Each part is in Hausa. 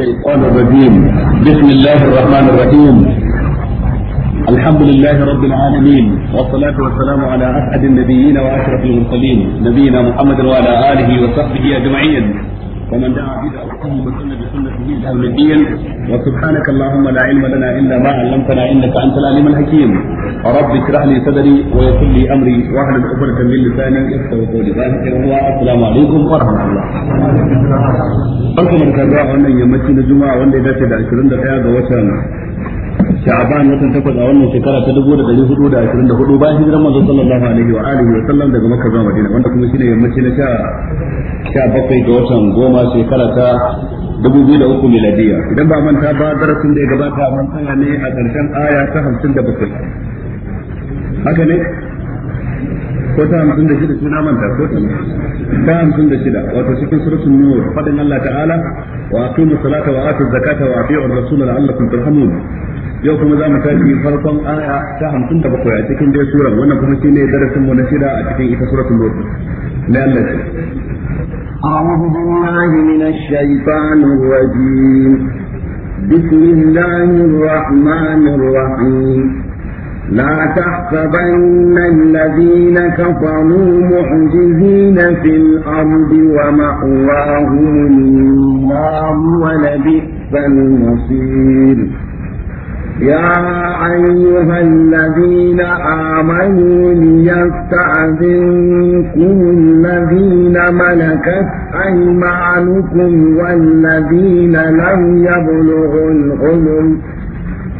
الشيطان الرجيم بسم الله الرحمن الرحيم الحمد لله رب العالمين والصلاة والسلام على أسعد النبيين وأشرف المرسلين نبينا محمد وعلى آله وصحبه أجمعين ومن دعا بدعوته وسن بسنته الى يوم الدين وسبحانك اللهم لا علم لنا الا ما علمتنا انك انت العليم الحكيم رب اشرح لي صدري ويسر لي امري واحلل عقدة من لساني يفقهوا قولي ذلك هو السلام عليكم ورحمه الله. barkamu da kaza wannan yammaci na juma'a wanda ya dace da 21 ga watan sha'ban watan takwas a wannan shekara ta dubu da dari hudu da ashirin da hudu bayan hijiran manzo sallallahu alaihi wa alihi wa sallam daga maka zuwa madina wanda kuma shine yammaci na sha bakwai ga watan goma shekara ta dubu biyu da uku miladiya idan ba manta ba darasin da ya gabata a mantana ne a ƙarshen aya ta hamsin da bakwai haka ne ko ta hamsin da shida suna manta ko ta ta hamsin da shida wato cikin suratul nur fadin Allah ta'ala wa aqimu salata wa atu zakata wa ati'u ar-rasul la'allakum turhamun yau kuma za mu tashi farkon aya ta hamsin da bakwai a cikin dai surar wannan kuma shi ne darasin mu na shida a cikin ita suratul nur na Allah أعوذ بالله من الشيطان الرجيم بسم الله الرحمن الرحيم لا تحسبن الذين كفروا معجزين في الأرض ومأواهم النار ولبئس المصير يا أيها الذين آمنوا ليستأذنكم الذين ملكت أيمانكم والذين لم يبلغوا الحلم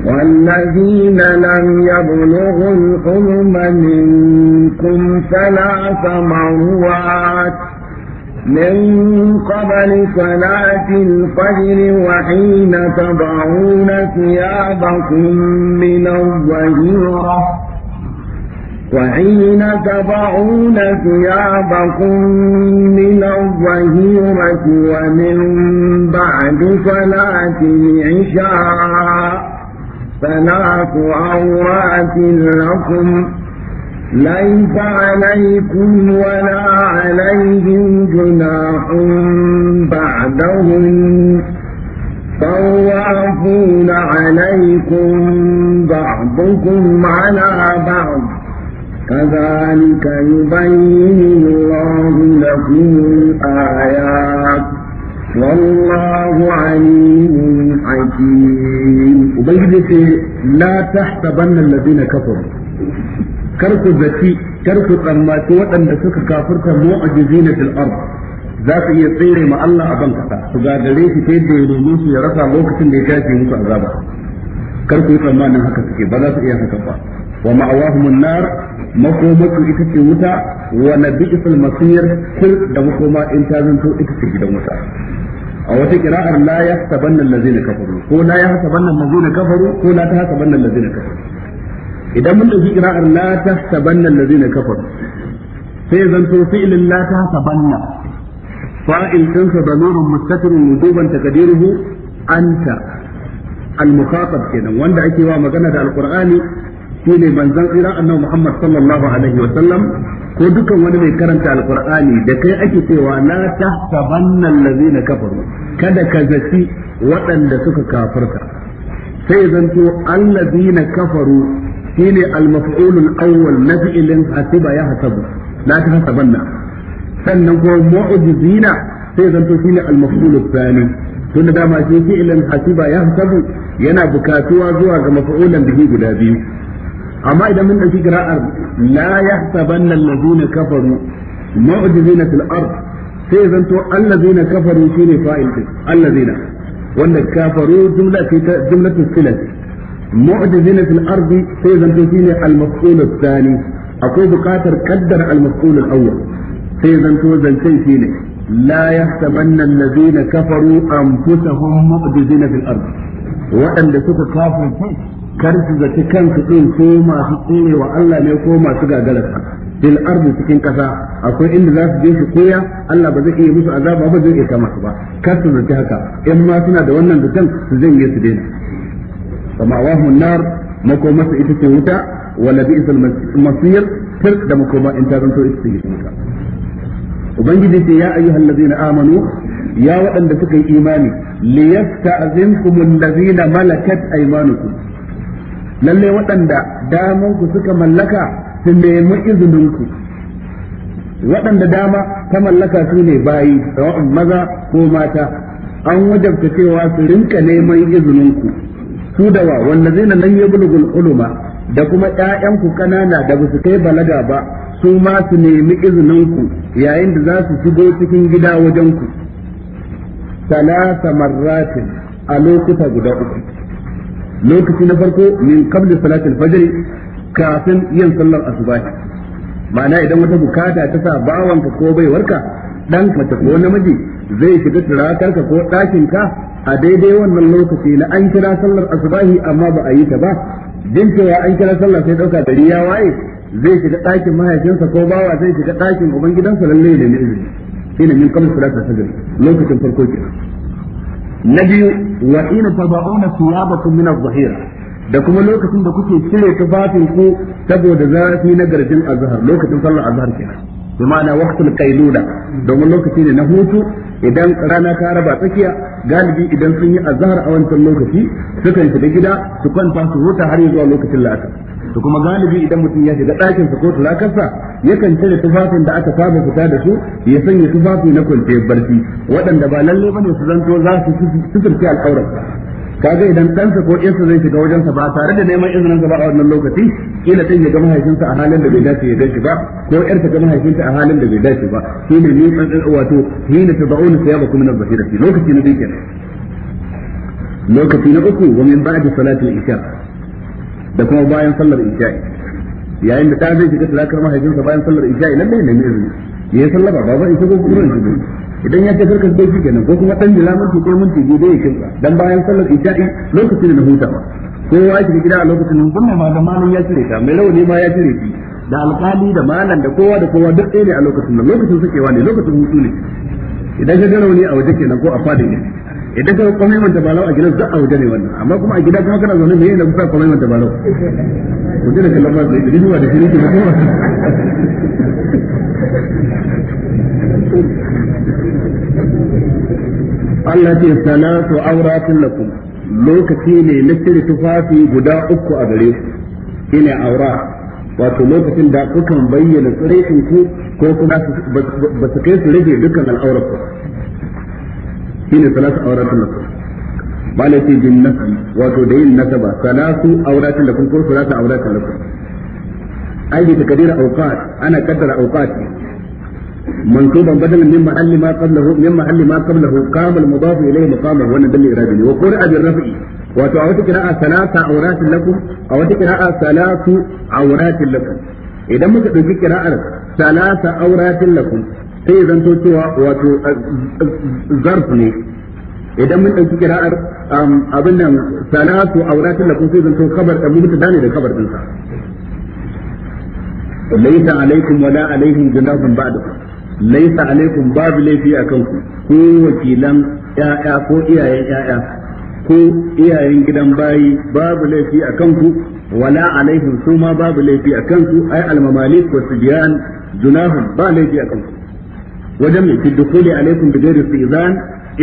والذين لم يبلغوا الحلم منكم ثلاث مرات من قبل صلاة الفجر وحين تضعون ثيابكم من الظهيرة وحين تضعون ثيابكم من الظهيرة ومن بعد صلاة العشاء ثلاث عورات لكم ليس عليكم ولا عليهم جناح بعدهم طوافون عليكم بعضكم على بعض كذلك يبين الله لكم الآيات والله عليم حكيم وبيجد la tahsabanna alladhina kafaru kar ku zaci kar ku tsammaci waɗanda suka kafirta mu'jizina fil ard za su iya tsere ma Allah a ban kasa su gagare shi ta yadda ya nemi ya rasa lokacin da ya tashi musu azaba kar ku tsammanin haka suke ba za su iya haka ba wa ma'awahum an-nar ita ce wuta wa nabi'sul masir sir da makoma in ta zanto ita ce gidan wuta a wata kira'ar la ya yahsabanna na kafaru ko la ya yahsabanna na kafaru ko la ta tahsabanna na kafaru idan mun dauki kira'ar la ta tahsabanna na kafaru sai zanto fi'lin la ta tahsabanna fa'il tansa damirun mustatirun wujuban taqdiruhu anta al-mukhatab kenan wanda ake wa magana da alqur'ani shine manzon tsira annabi Muhammad sallallahu alaihi wa sallam ko dukan wani mai karanta alqur'ani da kai ake cewa la tahsabanna allazina kafaru kada ka zaci waɗanda suka kafirta sai zanto allazina kafaru shine al-maf'ulul awwal na fi'lin hasiba ya hasabu la tahsabanna sannan ko mu'jizina sai zanto shine al-maf'ulul thani tunda dama shi fi'lin hasiba ya hasabu yana bukatuwa zuwa ga maf'ulan bihi guda biyu amma idan mun dauki qira'ar la yahsabanna allazina kafaru mu'jizina fil ard sai zanto allazina kafaru shine fa'il din allazina wanda kafaru jumla ce ta jumlatu silat mu'jizina fil ard sai zanto shine al-maf'ul ath-thani akwai buƙatar kaddar al-maf'ul al-awwal sai zanto zancen shine la yahsabanna allazina kafaru anfusahum mu'jizina fil ard waɗanda suka kafirce kar su zaci kansu din ko masu tsine wa Allah ne ko masu gagararsa fil ardi cikin kasa akwai inda za su je su koya Allah ba zai iya musu azaba ba zai iya kama ba kar su zaci haka in ma suna da wannan zaton su zanye su daina kama wahun nar makomarsa ita ce wuta wala bi isal masir tir da makoma in ta zanto ita ce wuta ubangiji ce ya ayyuhal ladina amanu ya waɗanda suka yi imani liyasta'zinkum allazina malakat aymanukum lalle waɗanda damanku ku suka mallaka su nemi izininku, waɗanda dama ta mallaka su ne bayi maza ko mata an wajabta cewa su rinka neman izininku. su dawa wanda zina nan ya bulgul uluma da kuma 'ya'yanku ƙanana kanana da su kai balaga ba su ma su nemi izininku yayin da za su shigo cikin gida wajenku. ku marratin a lokuta guda uku lokaci na farko min qabli salatil fajr kafin yin sallar asuba ma'ana idan wata bukata ta sa bawanka ko baiwarka dan mace ko namiji zai shiga ka ko ɗakinka a daidai wannan lokaci na an kira sallar asubahi amma ba a yi ta ba din cewa an kira sallar sai ɗauka gari ya waye zai shiga ɗakin mahaifinsa ko bawa zai shiga ɗakin ubangidansa lallai da ne izini shine min qabli salatil fajr lokacin farko kenan na biyu wa ina tabauna thiyabakum min az-zahira da kuma lokacin da kuke cire tufafin ku saboda zafi na garjin azhar lokacin sallar azhar kenan bi ma'ana waqtul qailuda domin lokaci ne na hutu idan rana ta raba tsakiya galibi idan sun yi azhar a wancan lokaci sukan tafi gida su kwanta su huta har zuwa lokacin la'asar su kuma galibi idan mutum ya shiga ɗakin sa ko tulakarsa yakan cire tufafin da aka saba fita da su ya sanya tufafi na kwanciyar barci waɗanda ba lalle bane su zanto za su suturci alƙawarsa kaga idan ɗansa ko ɗansa zai shiga wajensa ba tare da neman izinin sa ba a wannan lokaci kila ɗin ya ga mahaifinsa a halin da bai dace ya gan ba ko ƴar ta ga mahaifinta a halin da bai dace ba shi ne ni tsantsan wato hina tabauna sayabakum min al-basirati lokaci na biyu kenan lokaci na uku wa min ba'di salati al-isha da kuma bayan sallar isha'i yayin da ta zai shiga sadakar mahaifinsa bayan sallar isha'i nan ne nemi izini ya yi sallaba ba zai shigo kuma yanzu ne idan ya ce sarkar dai shi kenan ko kuma ɗan jila minti ko minti biyu dai ya kinsa dan bayan sallar isha'i lokaci ne na hutawa ko ya shiga gida a lokacin nan gunne ma da malam ya cire ta mai rauni ma ya cire shi da alƙali da malam da kowa da kowa duk ɗaya ne a lokacin nan lokacin sakewa ne lokacin hutu ne idan ka ga rauni a waje kenan ko a fadin ne idan ka kwame manta balau a gidan za a waje ne wannan amma kuma a gida kuma kana zaune me yana kusa kwame manta balau ku da kallon ba zai da zuwa da shi ne ke mutuwa Allah ce salatu auratin lakum lokaci ne na cire tufafi guda uku a gare ku shine aura wato lokacin da kukan bayyana tsirrikin ku ko kuma ba su kai su rage dukkan al'aurar ku shine salatu awratun lakum malai ce bin nasbi wato da yin nasaba salatu awratun lakum ko salatu awratun lakum ai bi takdir awqat ana kaddara awqat منصوبا بدلا من محل ما قبله من محل ما قبله قام المضاف اليه مقامه وانا دل ارادني وقرأ بالرفع wato a wata kira'a salasa auratin lakum a wata kira'a salatu auratin lakum idan muka dauki kira'ar salasa auratin sai zan to cewa wato eh, zarf ne idan mun dauki kira'ar abin nan salatu da lakum sai zan to kabar da mubtada ne da kabar din sa laysa alaikum wala alaihim junahun ba'du laisa alaikum babu laifi akan ku ko wakilan ya'ya ko iyayen ya'ya ko iyayen gidan bayi babu laifi akan ku wala alaihim su ma babu laifi akan su ai almamalik wa subyan junahun ba laifi akan ku wajen mai fi dukuli alaikum bi ghairi izan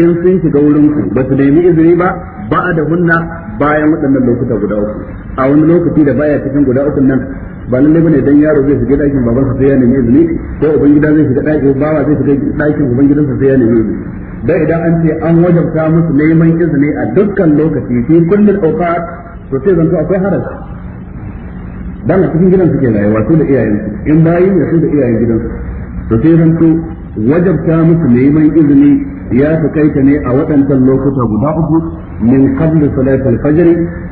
in sun shiga wurin ku ba su nemi izini ba ba da hunna bayan waɗannan lokuta guda uku a wani lokaci da baya cikin guda uku nan ba lalle bane dan yaro zai shiga ɗakin babansa sai ya nemi izini ko uban gida zai shiga ɗakin bawa zai shiga ɗakin uban gidansa sai ya nemi izini dan idan an ce an wajabta musu neman izini a dukkan lokaci fi kullul awqat to sai zanto akwai haraji dan a cikin gidan suke rayuwa su da iyayensu in bayi ne su da iyayen gidan to sai zanto wajabta musu neman izini ya ta ne a waɗancan lokuta guda uku min qabl salat al-fajr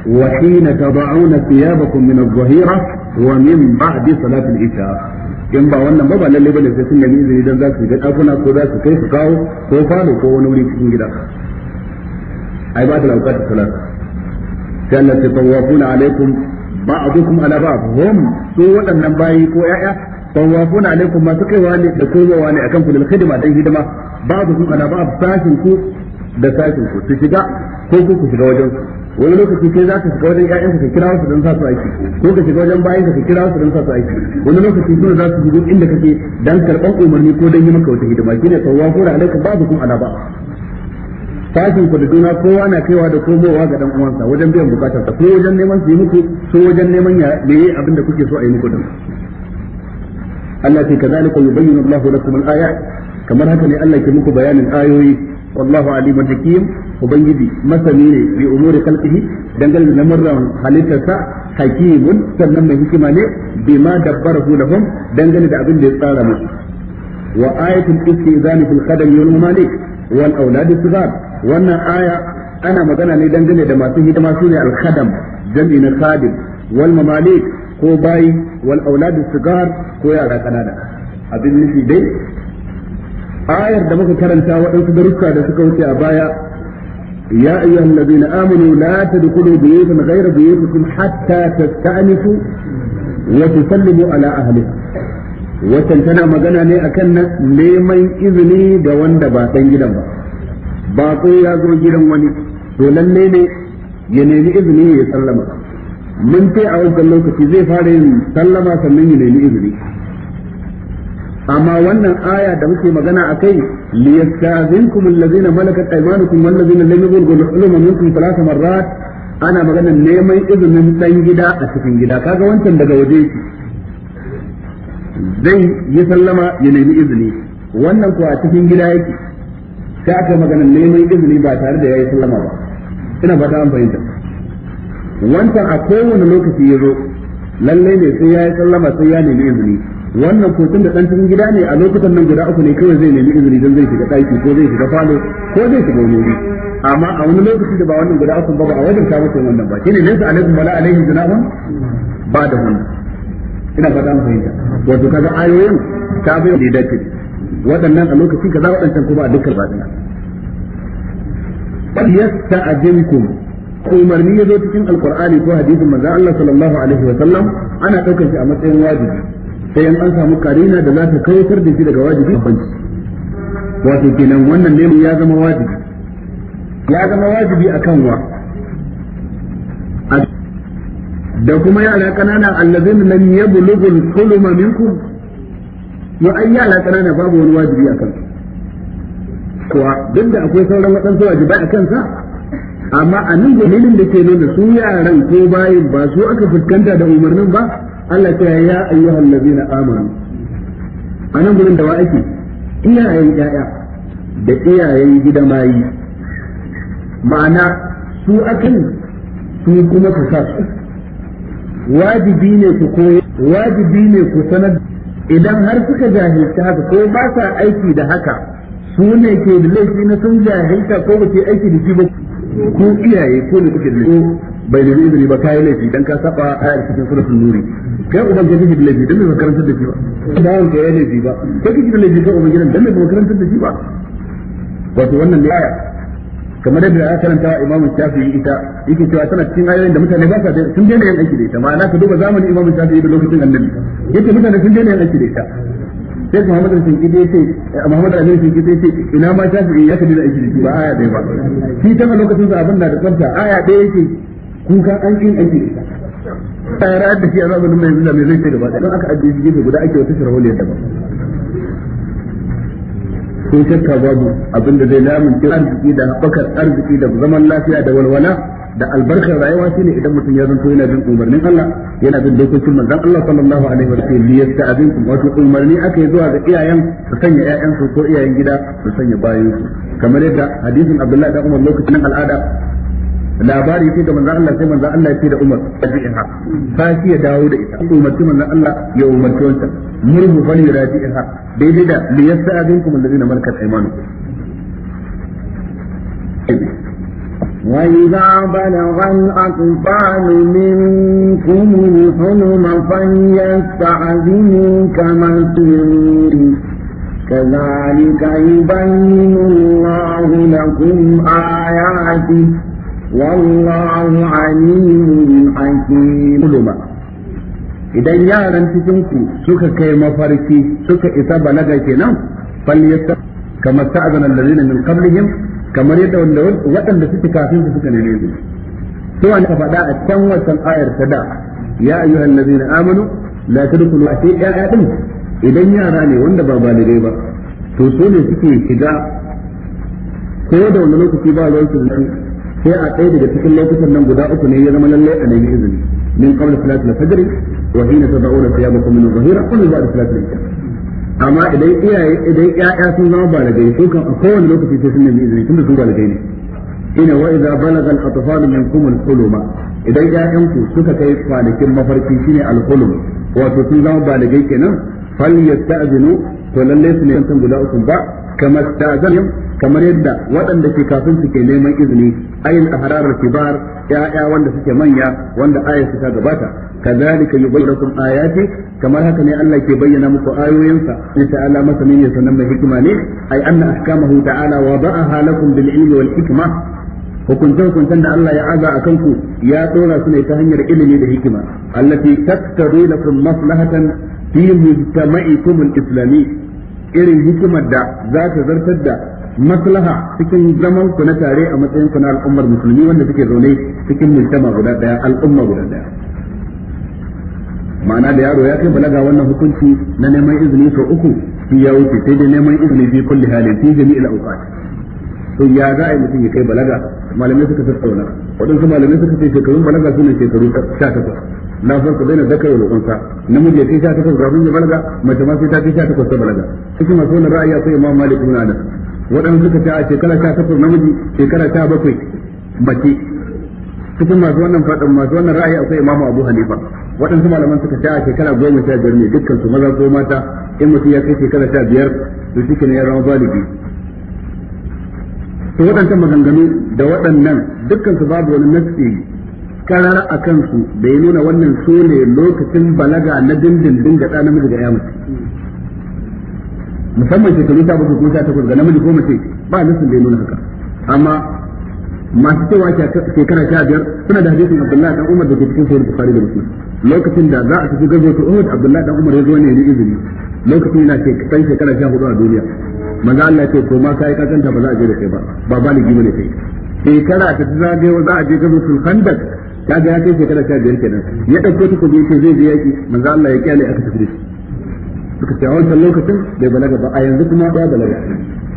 wa hina tad'una thiyabakum min adh-dhahira wa min ba'di salat al-isha in ba wannan ba ba lalle bane sai sun nemi izini dan za su ga dakuna ko za su kai su kawo ko falo ko wani wuri cikin gida ai ba da lokacin salat sai Allah ya tawafuna alaikum ba'dukum ala ba'd hum su waɗannan bayi ko ya'ya tawafuna alaikum masu kaiwa ne da komowa ne akan kullu khidma dan hidima babu kun ana babu sashin ku da sashin ku su shiga ko ku ku shiga wajen wani lokaci sai za ka shiga wajen ƴaƴanka ka kira su don sa su aiki ko ka shiga wajen bayanka ka kira su don sa su aiki wani lokaci suna za su shigo inda kake dan karban umarni ko dan yi maka wata hidima kine tawafuna alaikum babu kun ana ba tashin ku da juna kowa na kaiwa da komowa ga dan uwansa wajen biyan bukatarsa ko wajen neman su yi muku ko wajen neman ya yayi abin da kuke so a yi muku din Allah ce kazalika yubayyinu Allahu lakum al-ayat kamar haka ne Allah ke muku bayanin ayoyi wallahu alimun hakim ubangiji masani ne bi umuri khalqihi dangane da lamarin halittarsa hakimun sannan mai hikima ne bima dabbarahu lahum dangane da abin da ya tsara musu wa ayatul istizani fil qadam yawm malik wal aulad sigar wannan aya ana magana ne dangane da masu hidima su ne al-khadam jam'i na khadim wal mamalik ko bayi wal auladu sigar ko yara kanana abin nufi dai ayar da muka karanta waɗansu darussa da suka wuce a baya ya ayyuhal ladina amanu la tadkhulu buyutan ghayra buyutikum hatta tasta'nisu wa tusallimu ala ahliha wannan tana magana ne akan neman izini da wanda ba dan gidan ba ba ko ya zo gidan wani to lalle ne ya nemi izini ya sallama mun kai a wancan lokaci zai fara yin sallama sannan ya nemi izini amma wannan aya da muke magana a kai liyastazinkum allazina malakat aymanukum wallazina lam yablughul huluma minkum thalath marrat ana magana neman izinin dan gida a cikin gida kaga wancan daga waje yake? zai yi sallama ya nemi izini wannan ko a cikin gida yake sai aka magana neman izini ba tare da yayi sallama ba ina ba ta fahimta wancan a kowane lokaci ya zo lalle ne sai ya yi sallama sai ya nemi izini wannan ko tun da dan cikin gida ne a lokutan nan guda uku ne kawai zai nemi izini dan zai shiga daki ko zai shiga falo ko zai shiga wani amma a wani lokaci da ba wannan guda uku ba a wajen ta mutum wannan ba shine laysa alaikum wala alaihi junahun ba da wannan ina fata mun fahimta wato kaga ayoyin ta bai da dace waɗannan a lokacin kaza waɗancan kuma a dukkan ba dana bal yasta'jimukum ko umarni ya zo cikin alqur'ani ko hadisin manzo Allah sallallahu alaihi wa sallam ana daukar shi a matsayin wajibi sai an samu karina da za ta kautar da shi daga wajibi banci wato kenan wannan ne ya zama wajibi ya zama wajibi akan wa da kuma yara kanana allazin lam yablughu al-hulma minkum yo ai yara kanana babu wani wajibi akan kuwa duk da akwai sauran waɗansu wajibai akan sa amma a nan dalilin da ke nuna su yaran ko bayin ba su aka fuskanta da umarnin ba Allah ta ya ayyuhan ladina amanu a nan gurin da wa ake iyayen ƴaƴa da iyayen gida mayi ma'ana su akan su kuma ka sa wajibi ne ku koyi wajibi ne ku sanar idan har suka jahilci haka ko ba sa aiki da haka su ne ke da laifi na sun jahilta ko ba ke aiki da shi ba ko iyaye ko ne kuke da bai da izini ba kai laifi dan ka saba ayar cikin suratul nuri kai uban ka kike da laifi dan ba karanta da shi ba dan ka yayi laifi ba kai kike da laifi ko uban gidan dan ba karanta da shi ba wato wannan ne aya kamar da ya karanta imamu shafi'i ita yake cewa tana cikin ayoyin da mutane ba sa sun daina yin aiki da ita ma'ana ka duba zamanin imamu shafi'i da lokacin annabi yake mutane sun daina yin aiki da ita sai Muhammad ce Kidi ce Muhammad Amin bin Kidi ce ina ma shafi ya kabi da aiki ba aya dai ba shi ta a lokacin sa abin da da a aya dai yake kuka an kin aiki tsara da shi azabu da mai zuwa mai zai ce ba don aka ajiye shi gefe guda ake wata da ba. ko shakka babu abin da zai lamunce arziki da haɓakar arziki da zaman lafiya da walwala da albarkar rayuwa shine idan mutum ya zanto yana bin umarnin Allah yana bin dokokin manzon Allah sallallahu alaihi wa sallam li yasta'dinku wato umarni aka yi zuwa ga iyayen su sanya ƴaƴan su ko iyayen gida su sanya bayin su kamar yadda hadisin Abdullahi da Umar lokacin al'ada labari sai da manzon Allah sai manzon Allah ya ce da Umar tabi'inha sashi ya dawo da ita umarci manzon Allah ya umarci wancan murhu fali raji'inha daidai da li yasta'dinku alladhina malakat aymanukum وإذا بلغ الأطفال منكم الحلم فليستعذنوا كما تؤمنون كذلك يبين الله لكم آياته والله عليم حكيم idan yaran cikinku suka kai mafarki suka isa balaga kenan fal yasta kama ta'zana allazina min qablihim kamar yadda wanda waɗanda suke kafin su suka neme su to an ka faɗa a can wancan ayar ta da ya ayyuhal ladzina amanu la tadkhulu a sai ya din idan yara ne wanda ba baligai ba to su ne suke shiga ko da wani lokaci ba ruwan su nan sai a ɗaya daga cikin lokutan nan guda uku ne ya zama lallai a nemi izini min qabla salati al-fajr wa hina tad'una thiyabakum min adh-dhahira qul ba'da salati al-isha amma idan iyaye idan ƴaƴa sun zama balagai su kan a kowane lokaci sai sun nemi izini tunda su balagai ne ina wa idza balaga al atfal minkum al huluma idan ƴaƴanku suka kai kwanakin mafarki shine al hulum wato sun zama balagai kenan fal yasta'zinu to lallai su ne kan guda uku ba kamar ta'zan kamar yadda waɗanda ke kafin su ke neman izini ayin hararar kibar ya'ya wanda suke manya wanda su ta gabata kazalika yubayyinu ayati kamar haka ne Allah ke bayyana muku ayoyinsa in ta'ala ma ya sanan mai hikima ne ay anna ahkamahu ta'ala wada'aha lakum bil ilmi wal hikma hukuncen hukuncen da Allah ya aza a kanku ya tsora su ne ta hanyar ilimi da hikima allati tattaru lakum maslahatan fi mujtama'ikum al-islami irin hikimar da za ta zartar da maslaha cikin zaman ku na tare a matsayin ku na al'ummar musulmi wanda suke zaune cikin mujtama guda daya al'umma guda daya ma'ana da yaro ya kai balaga wannan hukunci na neman izini sau uku shi ya wuce sai dai neman izini fi kulli halin fi jami'il awqat to ya za a yi mutum ya kai balaga malamai suka tattauna waɗansu malamai suka ce shekarun balaga su ne shekaru 18 Na la farqa baina dhakari wal unsa namiji ya kai sha takwas kafin ya balaga mace ma sai ta kai sha takwas ta balaga cikin masu wani ra'ayi akwai imam malik ibn anas waɗansu suka ce a shekara sha takwas namiji shekara sha bakwai mace cikin masu wannan fadin masu wannan ra'ayi akwai imam abu hanifa waɗansu malaman suka ce a shekara goma sha biyar ne dukkan su maza ko mata in mutum ya kai shekara sha biyar to shi ne ya zama baligi to waɗancan maganganu da waɗannan dukkan su babu wani nasi karar a kansu da ya nuna wannan so ne lokacin balaga na dindindin ga ɗan miji ga ya mace musamman shekaru ta bakwai ko ta takwas ga namiji ko mace ba nufin da ya nuna haka amma masu cewa shekara sha biyar suna da hadisin abdullahi dan umar da ke cikin sahih bukhari da muslim lokacin da za a tafi gazo ta umar abdullahi dan umar ya zo ne ya izini lokacin yana kai shekara sha hudu a duniya manzo Allah ya ce to ma kai kakanta ba za a je da kai ba ba baligi bane kai shekara ta zagaye za a je gazo sun khandaq kaga ya kai shekara sha biyar kenan ya ɗauko ta kuma ko zai je yaki manzo Allah ya kyale aka tafi suka ce a wancan lokacin bai balaga ba a yanzu kuma ya balaga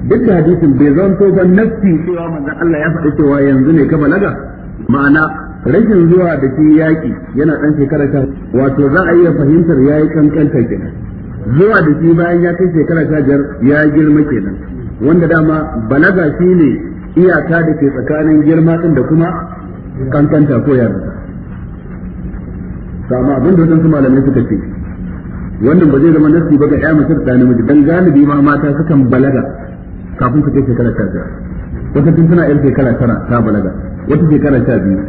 duk da hadisin bai zanto ba nafsi cewa manzo Allah ya faɗi cewa yanzu ne ka balaga ma'ana rashin zuwa da ke yaki yana ɗan shekara ta wato za a iya fahimtar yayi kankanta kenan zuwa da shi bayan ya kai shekara ta biyar ya girma kenan wanda dama balaga shine iyaka da ke tsakanin girma din da kuma kankanta ko yarda ta amma abin da su malamai suka ce wannan ba zai zama nasi ba ga ya mace da namiji dan galibi ma mata sukan balaga kafin su kai shekara ta biyar wata tun suna yar shekara tara ta balaga wata shekara ta biyu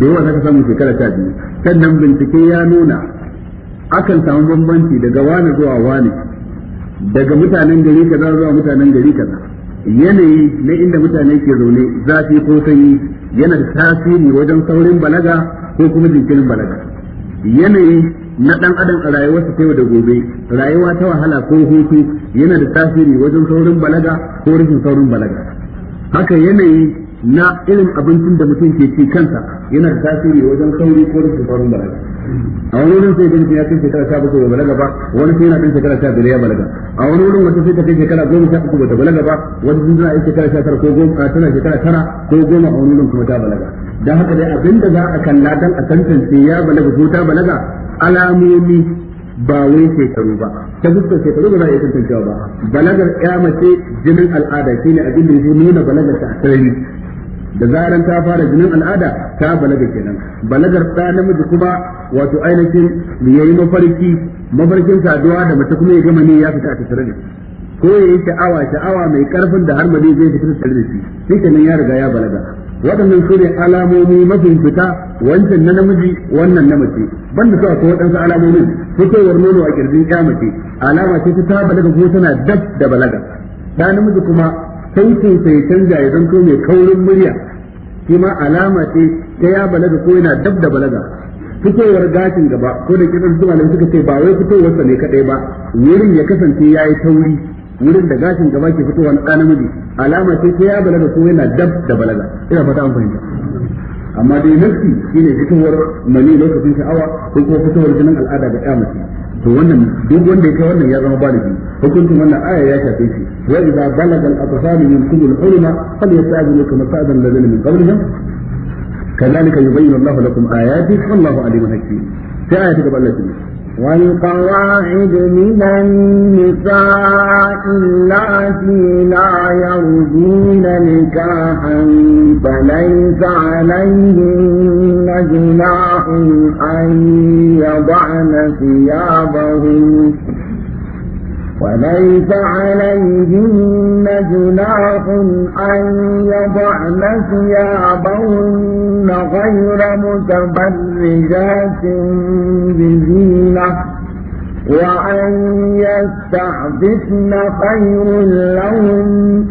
da yawa zaka samu shekara ta biyu sannan bincike ya nuna akan samu bambanci daga wani zuwa wani daga mutanen gari kaza zuwa mutanen gari kaza yanayi na inda mutane ke zaune zafi ko sanyi yana da tasiri wajen saurin balaga ko kuma jinkirin balaga yanayi na dan adam a rayuwarsa ta yau da gobe rayuwa ta wahala ko hutu yana da tasiri wajen saurin balaga ko rashin saurin balaga haka yanayi na irin abincin da mutum ke ci kansa yana da tasiri wajen sauri ko da shekarun balaga a wani wurin sai dinka ya kai shekara sha bakwai balaga ba wani sai yana kai shekara sha biyar ya balaga a wani wurin wata sai ta kai shekara goma sha uku ta balaga ba wani sun tana shekara sha tara ko goma tana shekara tara ko goma a wani wurin kuma ta balaga Da haka dai abin da za a kalla dan a tantance ya balaga ko ta balaga alamomi ba wai shekaru ba ta fuskar shekaru ba za a iya tantancewa ba balagar ya mace jinin al'ada shine abin da ya nuna balagar ta a asali da zaran ta fara jinin al'ada ta balaga kenan balagar ɗa namiji kuma wato ainihin yayi mafarki mafarkin saduwa da mace kuma ya gama ne ya fita a tattare da ko ya yi sha'awa sha'awa mai karfin da har mali zai fita tattare da shi shi kenan ya riga ya balaga waɗannan su alamomi mafi fita wancan na namiji wannan na mace banda su akwai waɗansu alamomin fitowar nono a kirjin ya mace alama ce ta balaga ko tana dab da balaga ɗa namiji kuma sautin sai canja ya zanto mai kaurin murya shi ma alama ce ta ya balaga ko yana dab da balaga fitowar gashin gaba ko da kiran su malamai suka ce ba wai fitowar sa ne kadai ba wurin ya kasance yayi tauri wurin da gashin gaba ke fitowa na ɗan namiji alama ce ta ya balaga ko yana dab da balaga ina fata an fahimta amma dai nafsi shine fitowar mani lokacin sha'awa ko fitowar jinin al'ada ga ƴa to wannan duk wanda ya kai wannan ya zama baligi hukuncin wannan aya ya shafe shi wa idza balagal atfal minkum al-hulma falyastajibu kama sa'adan ladina min qablihim kadhalika yubayyinu Allahu lakum ayatihi wallahu alimun hakim sai aya ta gaba Allah والقواعد من النساء التي لا يرجون نكاحا فليس عليهن جناح أن يضعن ثيابهن وليس عليهن جناح أن يضعن ثيابهن غير متبرجات بزينة وأن يستعففن خير لهم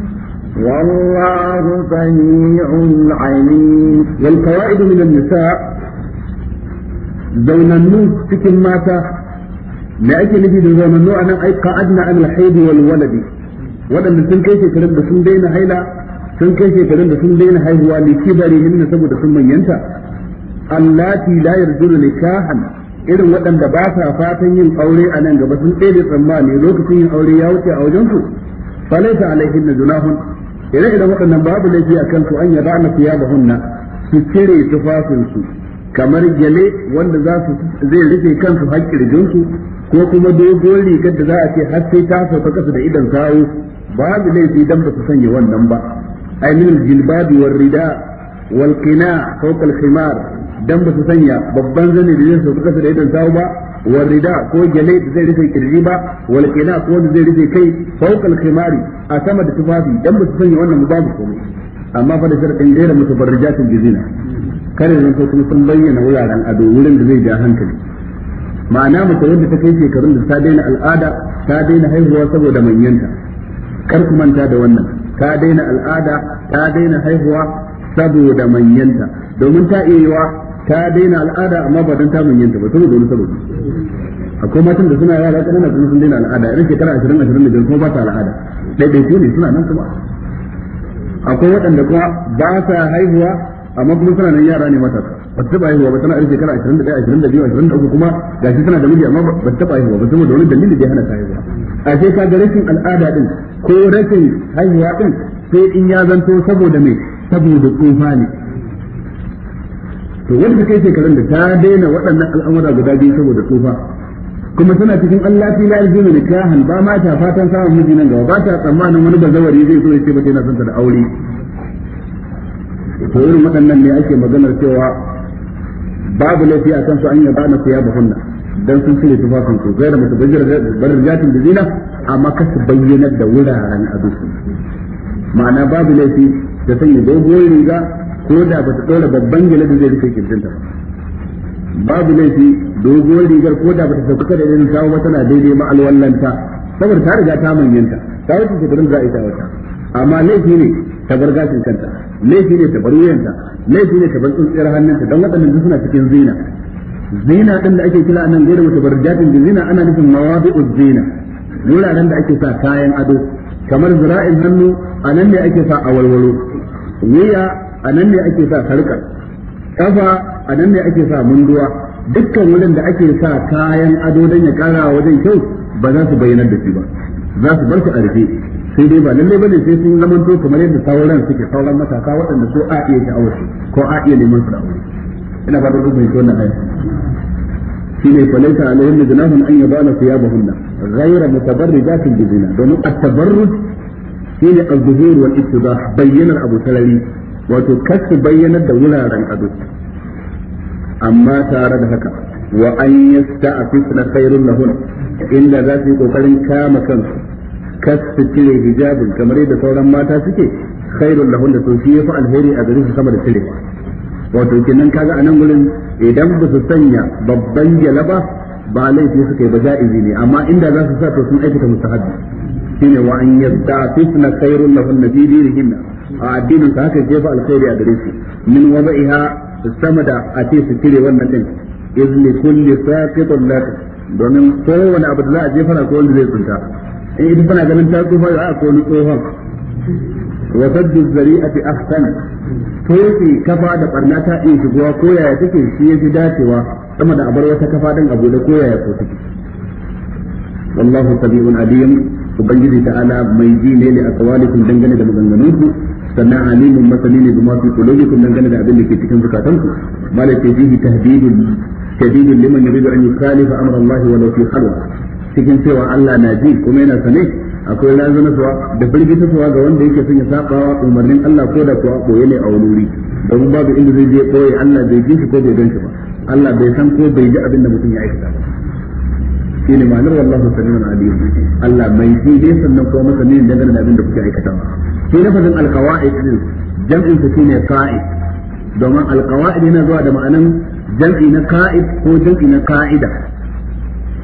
والله سميع عليم والفوائد من النساء زيننوك في كلماته me ake nufi da zaunan a nan ai qa'adna an al-hayd wal waladi wadanda sun kai shekarun da sun daina haila sun kai shekarun da sun daina haihuwa li kibari saboda sun manyanta allati la yarjuna nikahan irin waɗanda ba sa fatan yin aure a nan gaba sun tsaye tsammani lokacin yin aure ya wuce a wajen su falaita alaihin na junahun ire idan waɗannan babu laifi a su an yada na fiya da hunna su cire tufafinsu kamar gyale wanda za su zai rufe kansu har ko kuma dogon rigar da za a ce har sai ta sauka kasa da idan sawu babu laifi dan ba su sanya wannan ba ai min jilbabi war rida wal qina fawqa al khimar dan ba su sanya babban zani da zai sauka kasa da idan sawu ba war rida ko gele da zai rufe kirji ba wal qina ko da zai rufe kai fawqa al khimar a sama da tufafi dan ba su sanya wannan ba babu komai amma fa da sharadin da mutabarrijatin jizina kare zan so kuma sun bayyana wuraren ado wurin da zai ja hankali ma'ana mace wanda ta kai shekarun da ta daina al'ada ta daina haihuwa saboda manyanta kar ku manta da wannan ta daina al'ada ta daina haihuwa saboda manyanta domin ta iya yiwa ta daina al'ada amma ba don ta manyanta ba saboda wani sababi akwai matan da suna yara kanana kuma sun daina al'ada irin shekara ashirin ashirin da biyar kuma ba ta al'ada ɗaiɗaiku ne suna nan kuma akwai waɗanda kuma ba sa haihuwa amma kuma suna nan yara ne matasa ba ta taba haihuwa ba tana yar shekara ashirin da uku. kuma gashi tana da miji amma ba ta taba haihuwa ba saboda wani dalili da ya hana ta haihuwa a sai ka ga rashin al'ada din ko rashin haihuwa din sai in ya zanto saboda me saboda tsufa ne to wanda kai shekarun da ta daina waɗannan al'amura guda biyu saboda tsufa kuma suna cikin Allah fi la ilmi nikahan ba ma ta fatan samun miji nan gaba ba ta tsammanin wani bazawari zai zo ya ce ba yana son ta da aure to irin waɗannan ne ake maganar cewa babu laifi a kan su an yaba na kuya bahunna dan sun cire tufafin su gaira mutu bayyana jatin da zina amma ka su bayyana da wuraren abin ma'ana babu laifi da sanya dogon riga ko da ba ta dora babban gele da zai rufe kirjinta babu laifi dogon rigar ko da ba ta sauka da irin tawo ba tana daidai alwallanta saboda ta riga ta manyanta ta wuce shekarun za a yi ta wata amma laifi ne ta bar gashin kanta laifi ne ta bar wuyanta laifi ne ta bar tsuntsiyar hannunta don waɗannan duk suna cikin zina zina din da ake kira nan gaira wata barjatin da zina ana nufin mawadi'uz zina wuraren da ake sa kayan ado kamar zira'in hannu a nan ne ake sa awalwalo wuya a nan ne ake sa sarkar kafa a nan ne ake sa munduwa dukkan wurin da ake sa kayan ado don ya kara wajen kyau ba za su bayyana da shi ba za su bar su a rufe sai dai ba lallai bane sai sun zaman to kamar yadda sauran suke sauran matasa waɗanda so a iya sha'awar ko a iya neman su da aure ina fatan ku fahimci wannan ne shine falaita alaihim jinahun an yabana thiyabahunna ghayra mutabarrijatin bizina domin at-tabarruj shine az-zuhur wal ittidah bayyanar abu talali wato kasu bayyanar da wuraren ado amma tare da haka wa an yasta'afisna khairun lahun inda za su yi kokarin kama kansu kasu cire hijabin kamar yadda sauran mata suke khairul lahun da to shi yafi alheri a garin su sama da cirewa wato kenan kaga a nan gurin idan ba su sanya babban gyalaba ba laifi suka yi ba ja'izi ne amma inda za su sa to sun aikata mustahabbi shine wa an yastafifna khairul lahun fi dinihinna a addinin ka haka jefa alheri a garin su min wada'iha sama da a ce su cire wannan din izni kulli saqitun lak domin kowane abu da za a jefa na kowanne zai tsunta in ita tana ganin ta tsufa da aka wani tsohon wa saddu zari'ati ahsan tofi kafa da barna ta in shigowa ko yaya take shi yafi dacewa sama da abar wata kafa dan abu da ko yaya ko take wallahu sami'un alim ubangiji ta'ala mai ji ne da aqwalikum dangane da ku sannan alimun masani ne bima fi qulubikum dangane da abin da ke cikin zukatanku malaka fihi tahdidun tahdidun liman yuridu an yukhalifa amra Allah wa law fi halwa cikin cewa Allah na ji kuma yana sane akwai razanarwa da firgitarwa ga wanda yake son ya sabawa umarnin Allah ko da kuwa ɓoye ne a wani wuri domin babu inda zai je ɓoye Allah bai ji shi ko bai gan shi ba Allah bai san ko bai ji abin da mutum ya aikata ba shine ma'anar wallahu samiun alim Allah mai ji ne sannan kuma masani ne dangane da abin da kuke aikatawa shi fadin alqawaid din jam'in su shine qa'id domin alqawaid yana zuwa da ma'anan jam'i na qa'id ko jam'i na qa'ida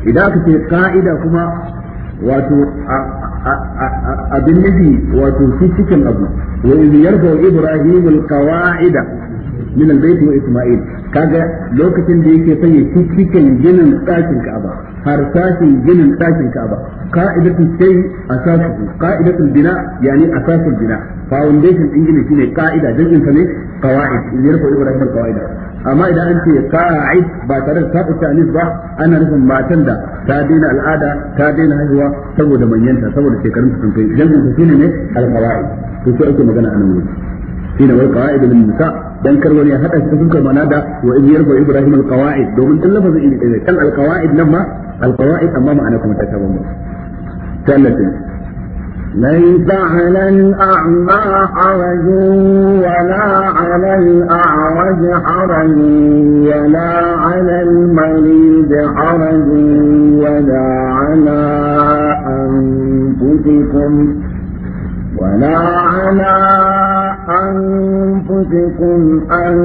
idan aka ce ka'ida kuma wato abin nufi wato shi cikin abu wa iz yarfa ibrahim alqawaida min albayt wa isma'il kaga lokacin da yake sanya shi cikin ginin dakin ka'aba har tsakin ginin tsakin ka'aba qa'idatul shay asasuhu qa'idatul bina yani asasul bina foundation din ginin shine qa'ida dan in ne qawaid iz yarfa ibrahim al alqawaida amma idan an ce qa'id ba tare da tabu ta'anis ba ana nufin matan da ta daina al'ada ta daina haihuwa saboda manyanta saboda shekarun sun kai jannin su ne ne al-qawaid to sai ake magana anan wurin shine wal qawaid min nisa dan kar wani ya hada shi sun mana da wa in yarfa ibrahim al qawaid domin din lafazin iri ɗaya kan al qawaid nan ma al qawaid amma ma'ana kuma ta tabbata ta Allah ليس على الأعمى حرج ولا على الأعرج حرج ولا على المريض حرج ولا على أنفسكم ولا على أنفسكم أن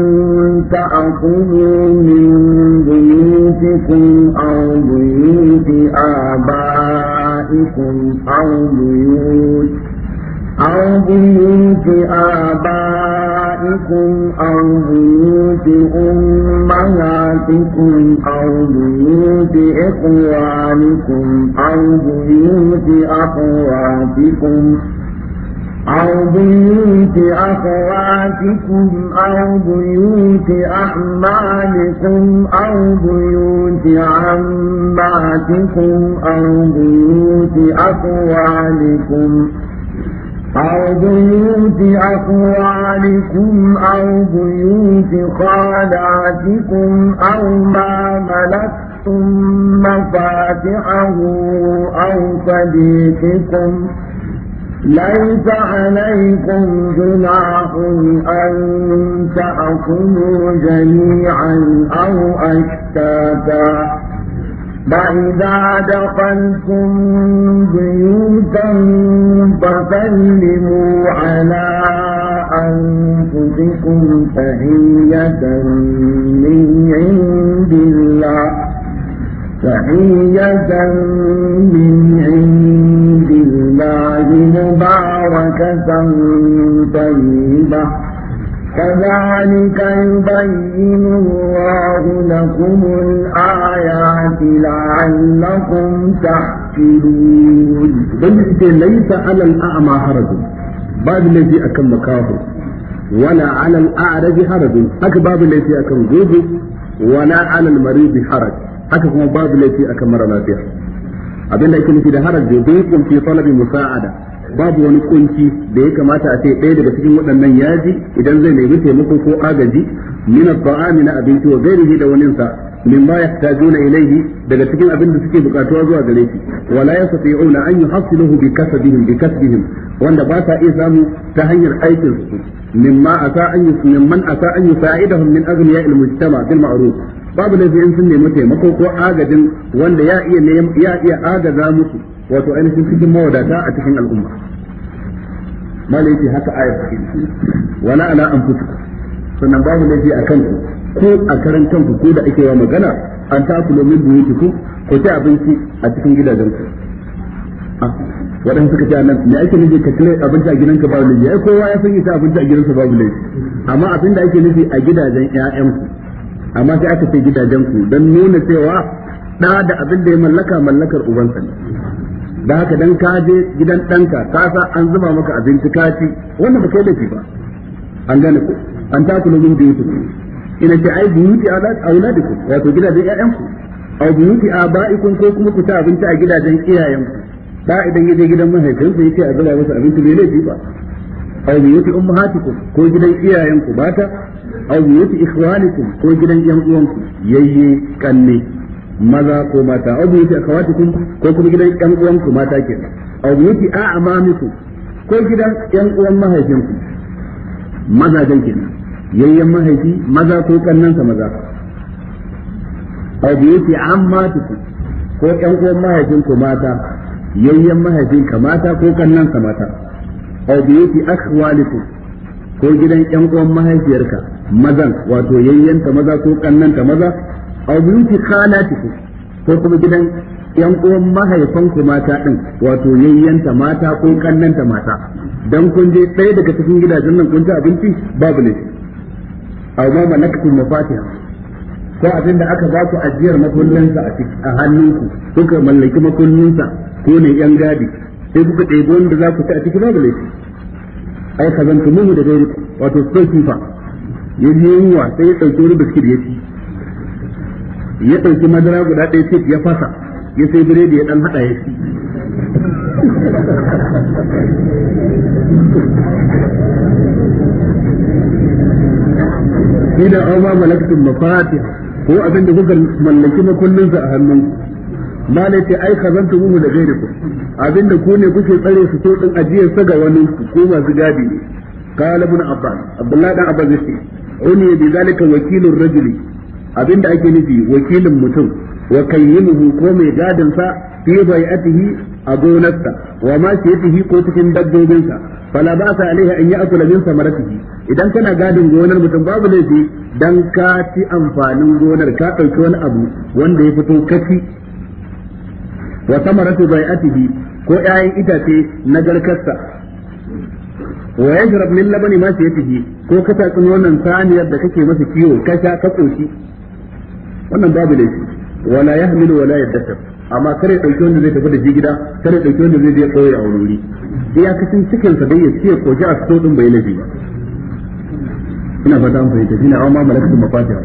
تأخذوا من بيوتكم أو بيوت آبائكم أزواجكم أو بيوت أو بيوت آبائكم أو بيوت أمهاتكم أو بيوت إخوانكم أو بيوت أخواتكم أو بيوت أخواتكم أو بيوت أعمالكم أو بيوت عماتكم أو بيوت أخوالكم أو بيوت أخوالكم أو بيوت خالاتكم أو ما ملكتم مفاتحه أو صديقكم ليس عليكم جناح أن تأكلوا جميعا أو أشتاتا فإذا دخلتم بيوتا فسلموا على أنفسكم تحية من عند الله تحية من عند الله مباركة طيبة كذلك يبين الله لكم الآيات لعلكم تحكمون بل ليس على الأعمى حرج بعد الذي أكم مكافر ولا على الأعرج حرج أكباب الذي أكم جوجه ولا على المريض حرج أكم باب الذي أكم مرة abin da ake nufi da haraj da dukkan fi talabi musa'ada babu wani kunci da ya kamata a ce ɗaya daga cikin waɗannan yaji idan zai nemi taimako ko agaji min at-ta'ami na abinci wa ghairihi da wani sa min ma yahtajuna ilaihi daga cikin abin da suke bukatuwa zuwa gare shi wala yastati'una an yuhassiluhu bi kasbihim bi kasbihim wanda ba sa iya samu ta hanyar aikin su mimma asa an yusmin man asa an yusa'idahum min aghniya'il mujtama bil ma'ruf babu laifi in sun nemi taimako ko agajin wanda ya iya ya iya agaza musu wato ainihin cikin mawadata a cikin al'umma malaiki haka ayar cikin wala ala anfusikum sannan babu laifi a kanku ko a karan kanku ko da ake wa magana an ta kulo min ku ku ta abinci a cikin ku ah, waɗansu suka ce nan me ake nufi ka kire abinci a gidanka babu laifi ai kowa ya san ita abinci a gidansa babu laifi amma abin da ake nufi a gidajen ƴaƴanku amma sai aka ce gidajen ku don nuna cewa da da abin da ya mallaka mallakar ubansa ne da haka dan ka je gidan danka ka sa an zuba maka abinci ka ci wannan ba kai da ba an gane ku an takula min ku. ina ce ai biyuti auladikum wato gidajen ƴaƴanku au biyuti abaikum ko kuma ku ta abinci a gidajen iyayenku da idan yaje gidan mahaifinsa yace a zuba masa abinci bai laifi ba au biyuti ummahatikum ko gidan iyayenku ta? aw buyuti ikhwanikum ko gidan yan uwanku yayye kanne maza ko mata aw buyuti akhawatikum ko kuma gidan yan uwanku mata kenan aw buyuti a'mamikum ko gidan yan uwan mahaifinku dan kenan yayyen mahaifi maza ko kannansa maza aw buyuti ammatikum ko yan uwan mahaifinku mata yayyen mahaifinka mata ko kannansa mata aw buyuti akhwalikum ko gidan yan uwan mahaifiyarka mazan wato yayyanta maza ko kannanta maza a buyuti khalatikum ko kuma gidan yan uwan mahaifanku mata din wato yayyanta mata ko kannanta mata dan kun je ɗaya daga cikin gidajen nan kun ci abinci babu ne aw ma malakatul mafatiha ko abin da aka ba ku ajiyar makullansa a hannunku kuka mallaki makullinsa ko ne yan gadi sai kuka ɗebi wanda za ku ci a ciki babu ne ai kazan muhu da gairi wato sai kifa ya je yunwa sai ya ɗauki wani biskit ya ci ya ɗauki madara guda ɗaya ce ya fasa ya sai biredi ya ɗan haɗa ya ci ina an ma malaktum mafati ko abin da kuka mallaki makullin sa a hannun ma ne ce ai kazantu mu da gairi ku abin da ku ne kuke tsare su so din ajiyar sa ga wani ku ko masu gadi ne qala ibn abba abdullahi dan zai ce. uniya bi zalika wakilin rajuli abinda ake nufi wakilin mutum wa kayyimuhu ko mai gadin sa fi bai'atihi a gonarsa wa ma shi ko cikin dabbobinsa fala ba sa alaiha an akula min samaratihi idan kana gadin gonar mutum babu laifi dan ka ci amfanin gonar ka dauki wani abu wanda ya fito kaci wa samaratu bai'atihi ko 'ya'yan itace na garkarsa wa yashrab min labani ma tafi ko ka tatsi wannan saniyar da kake masa kiwo ka sha ka koshi wannan babu da shi wala yahmilu wala yaddakkar amma kare dauki wanda zai tafi da shi gida kare dauki wanda zai je kauye a wuri iyakacin cikin sa dai ya ce ko ji a fito bai laifi ina fata an fahimta shine amma malakatu mafatiha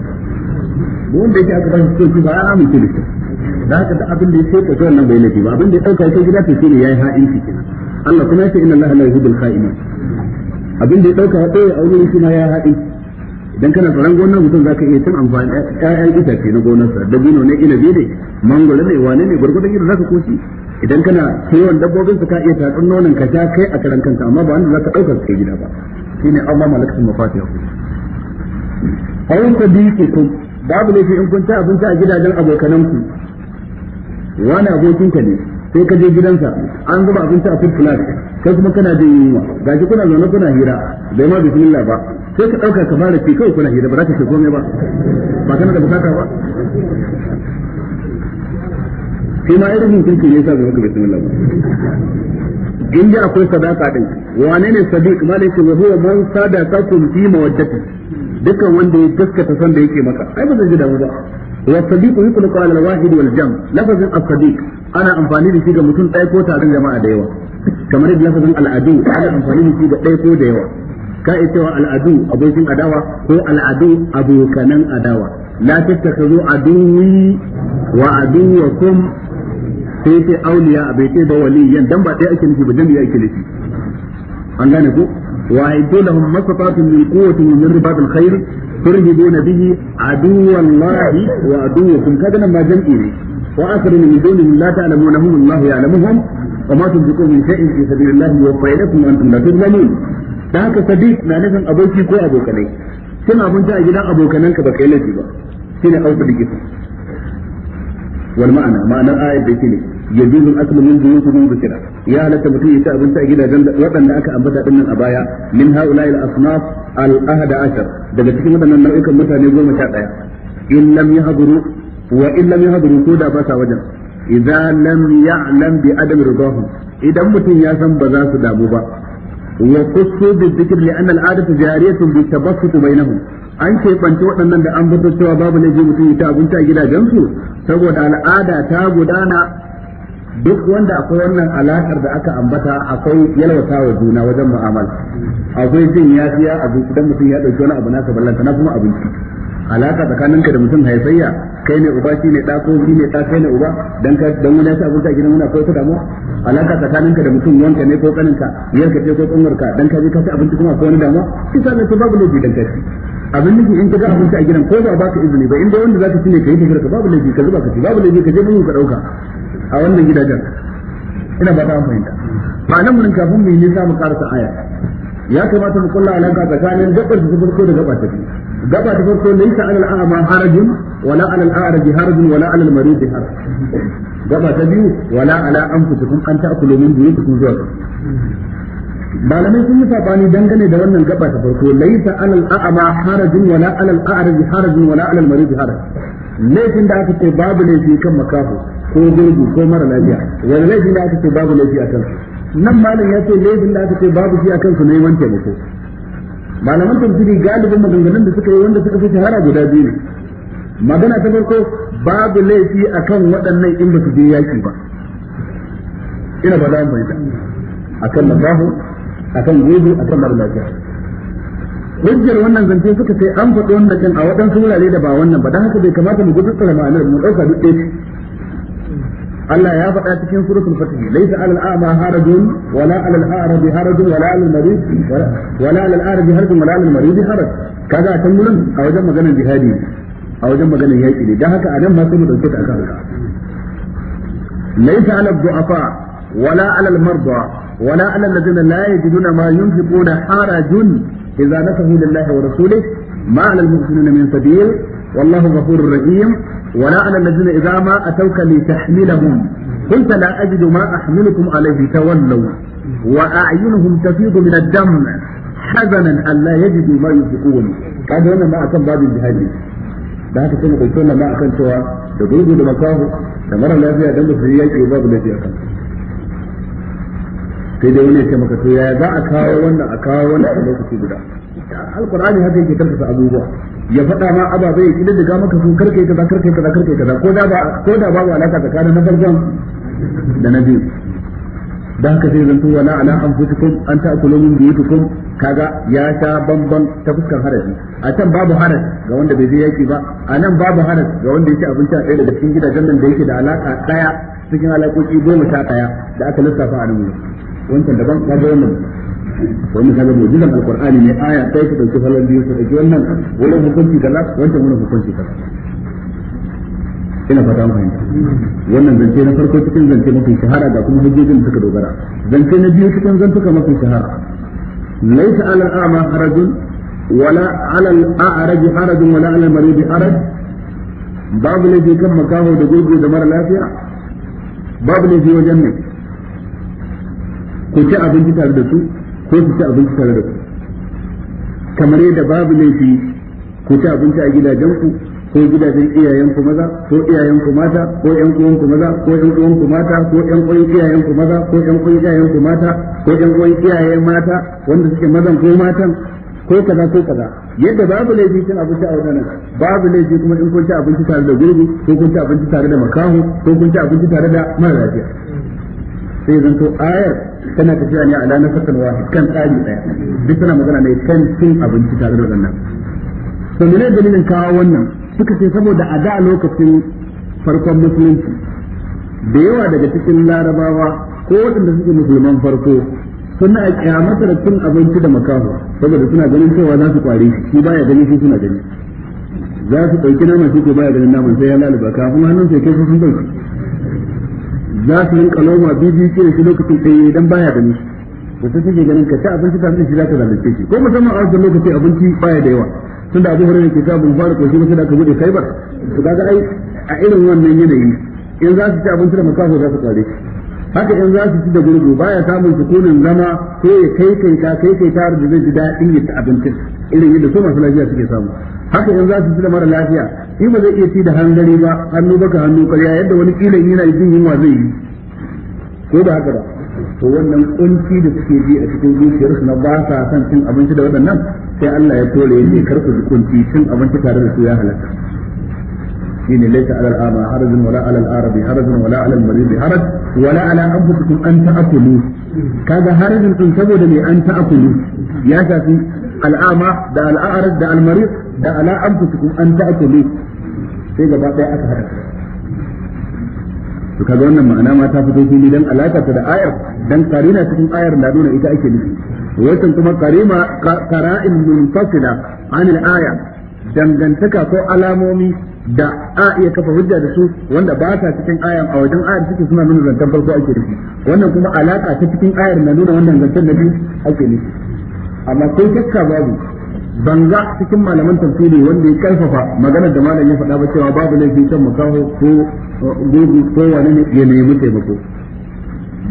wanda yake aka ba shi cikin ba an amince da shi da haka da abin da ya sai ko nan bai laifi ba abin da ya dauka shi gida to shine yayi ha'in shi kenan Allah kuma yace inna Allah la yuhibbul kha'inin abin da ya dauka ya ɗaya a wurin kuma ya haɗe idan kana tsaron gonar mutum zaka iya cin amfani ƴaƴan itace na gonarsa dabino ne inabi ne mangoro ne wane ne gurgurdan irin zaka koshi idan kana kiwon dabbobin su ka iya tatsun nonon ka ja kai a karan kanka amma ba wanda zaka dauka kai gida ba shine amma malakatul mafatiha ayyuka dikikum babu laifi in kun ta abinci a gidajen abokananku wani abokinka ne sai ka je gidansa an zuba abinci a food plate kai kuma kana jin yunwa gaji kuna zaune kuna hira bai ma bismillah ba sai ka dauka ka fara fi kai kuna hira ba za ka ce komai ba ba kana da bukata ba sai ma irin mutum ke yasa zama ka bismillah ba in da akwai sadaka din wane ne sadiq malaikin wa huwa man sadaqakum fi mawaddati dukkan wanda ya gaskata san da yake maka ai ba zai ji damu ba wa والصديق يطلق على الواحد والجمع لفظ الصديق انا امفاني دي شي ga mutun dai ko tare da jama'a da yawa kamar yadda lafazin al'adu ana amfani da shi ga dai ko da yawa ka ita wa al'adu abokin adawa ko al'adu abokanan adawa la tattakazu aduwi wa wa aduwakum sai ce auliya a baitai da waliyan dan ba dai ake nufi ba dan ya ake nufi an gane ku. wa aidu lahum masafatun min quwwatin min ribatil khair turhibuna bihi aduwallahi wa aduwakum kaga nan ma jam'i ne wa akharuna min dunihim la ta'lamunahum Allahu ya'lamuhum wa ma tunfiqu min shay'in fi sabilillahi wa faylakum antum la tuzlamun da haka sadiq na nufin aboki ko abokanai cin abinci a gidan abokananka ba kai laifi ba shine auku da gisa wal ma'ana ma'anar ayat da shine yajuzu al min ya halatta mutum ya ci abinci a gidajen waɗanda aka ambata dinnan a baya min haula al asnaf al ahada ashar daga cikin waɗannan nau'ikan mutane goma sha ɗaya in lam yahduru wa in lam yahduru ko da ba sa wajen idza lam ya'lam bi adam ridahum idan mutum ya san ba za su damu ba wa qussu bi dhikr li anna al adatu jariyatun bi tabassut bainahum an keɓanci waɗannan da an bato cewa babu laifi mutum ya ci abinci a gidajensu saboda al'ada ta gudana duk wanda akwai wannan alakar da aka ambata akwai yalwata wa juna wajen mu'amala akwai jin yafiya a zuciyar mutum ya dauki wani abu nasa ballanta na kuma abinci alaka tsakaninka da mutum haifayya kai ne uba shi ne ɗa ko shi ne ɗa kai ne uba dan ka dan wani yasa abinci a gidan wani akwai ta damuwa alaka tsakaninka da mutum wanka ne ko kaninka yanka ce ko tsunwarka dan ka ji ka ci abinci kuma akwai wani damuwa kisa ne babu laifi dan ka ci abin nufi in ka ga abinci a gidan ko ba baka izini ba inda wanda zaka ci ne kai tafiyar ka babu laifi ka zuba ka ci babu laifi ka je mun ka dauka a wannan gidajen ina ba ta fahimta ba nan mun kafin mu yi nisa mu karasa aya ya kamata mu kulla alaka tsakanin gabar su farko da gaba ta biyu gaba ta farko laysa alal a'ma harajun wala alal araji harajun wala alal marid haraj gaba ta biyu wala ala anfusikum an ta'kulu min buyutikum zuwa malamai sun yi sabani dangane da wannan gaba ta farko laisa alal a'ma harajin wala alal araji harajin wala alal marid haraj laifin da aka ce babu laifi kan makafu ko gurgu ko mara lafiya wani laifi da aka ce babu laifi a kansu nan malam ya ce laifin da aka ce babu shi a kansu na yawan taimako malaman tafsiri galibin maganganun da suka yi wanda suka fi shahara guda biyu ne magana ta farko babu laifi a kan waɗannan in ba su je yaki ba ina ba za mu fahimta kan lafahu akan gurgu kan mara lafiya hujjar wannan zance suka ce an faɗi wannan kan a waɗansu wurare da ba wannan ba don haka bai kamata mu gudu tsara ma'anar mu ɗauka duk ɗaya Allah ya faɗa cikin suratul fatih laysa alal a'ma harajun wala alal a'rab harajun wala alal marid wala alal a'rab harajun wala alal marid haraj kaga a can a wajen maganar jihadi a wajen maganar yaƙi ne dan haka a nan ma sai mu dauke ta akan haka laysa alal du'afa wala alal marda wala alal ladina la yajiduna ma yunfiquna harajun idza nasahu lillahi wa ma alal mu'minina min sabil wallahu ghafurur rahim ولا على الذين إذا ما أتوك لتحملهم قلت لا أجد ما أحملكم عليه تولوا وأعينهم تفيض من الدم حزنا ألا يجدوا ما ينفقون كان هنا ما أكن باب الجهاد da haka kuma kai na ma akan cewa da gurgu da makahu da mara lafiya dan da su yaki babu lafiya kan sai dai wani ya ce maka to yaya za a kawo wannan a kawo wannan a lokaci guda alqur'ani haka yake karkata abubuwa ya faɗa ma ababai ya kidan daga maka sun karkai kaza karkai kaza karkai kaza ko da ba ko da babu alaka tsakanin na farkon da na biyu Da haka sai zanto wala ala anfusikum an ta'kulu min buyutikum kaga ya sha bamban ta fuskar haraji a can babu haraji ga wanda bai je yaki ba a nan babu haraji ga wanda yake abinci a ɗaya daga cikin gidajen nan da yake da alaka ɗaya cikin alaƙoƙi goma sha ɗaya da aka lissafa a nan wancan daban kaga wannan wani wannan mu mu'jizan alqur'ani ne aya ɗaya ta dauki falal biyu ta dauki wannan wani hukunci kaza wancan wani hukunci kaza ina fata mu wannan zance na farko cikin zance mafi shahara ga kuma hujjojin da suka dogara zance na biyu cikin zantuka mafi shahara laysa ala al-a'ma harajun wala ala al-a'raj harajun wala ala al-marid haraj babu ne je kan makaho da gurgu da mara lafiya babu ne je wajen ne ku ci abinci tare da su ko su ci abinci tare da ku kamar yadda babu laifi ku ci abinci a gidajenku ko gidajen iyayenku maza ko iyayenku mata ko ƴan uwanku maza ko ƴan uwanku mata ko ƴan uwan iyayenku maza ko ƴan uwan iyayenku mata ko ƴan uwan iyayen mata wanda suke mazan ko matan ko kaza ko kaza yadda babu laifi cin abinci a wannan babu laifi kuma in kun ci abinci tare da gurbi ko kun ci abinci tare da makahu ko kun ci abinci tare da mara lafiya sai zan to ayar tana tafiya ne a nafakan wahid kan tsari daya duk tana magana mai kan cin abinci tare da wannan to mene dalilin kawo wannan suka ce saboda a da lokacin farkon musulunci da yawa daga cikin larabawa ko waɗanda suke musulman farko suna kyamata da cin abinci da makaho saboda suna ganin cewa za su kware shi shi baya ganin shi suna gani za su ɗauki nama shi ko baya ganin naman sai ya lalaba kafin hannun sai kai sun ɗauki za su rinka kaloma bibi da shi lokacin tsaye idan baya da nishi da su suke ganin ka ta abinci ta shi za ka zalunce shi ko musamman a wannan lokaci abinci baya da yawa tunda abu hurin ke ka bin fara koshi masu sai da ka bude kaibar su ga ai a irin wannan yanayi in za su ci abinci da makaho za su kare haka in za su ci da gurgu baya samun sukunin zama ko ya kai kai ka kai kai tar da zai ji daɗin yadda abincin irin yadda su masu lafiya suke samu haka in za su fi da mara lafiya in ba zai iya ci da hangari ba hannu baka hannu karya yadda wani kilan yana jin yunwa zai yi ko da haka ba to wannan kunci da suke ji a cikin zuciyarsu na ba sa son cin abinci da waɗannan sai Allah ya tore ya kar ku ji kunci cin abinci tare da su ya halatta shine laysa alal ama harajun wala alal arabi harajun wala alal maridi haraj wala ala anfusikum an ta'kulu kaga harajun din saboda me an ta'kulu ya shafi al'ama da al'arad da al-marid da ala cikin an ta ta'kulu sai gaba ɗaya aka hada to kaga wannan ma'ana ma ta fito fili dan alaka ta da ayar dan karina cikin ayar da nuna ita ake nufi wannan kuma karima qara'in munfasila an al-aya dangantaka ko alamomi da a iya kafa hujja da su wanda ba ta cikin ayar a wajen ayar suke suna nuna zancen farko ake nufi wannan kuma alaka ta cikin ayar na nuna wannan zancen na biyu ake nufi amma sai kakka babu banga cikin malaman tafsiri wanda ya karfafa maganar da malam ya faɗa ba cewa babu ne laifi kan makaho ko uh, gogo ko wani ne ya nemi taimako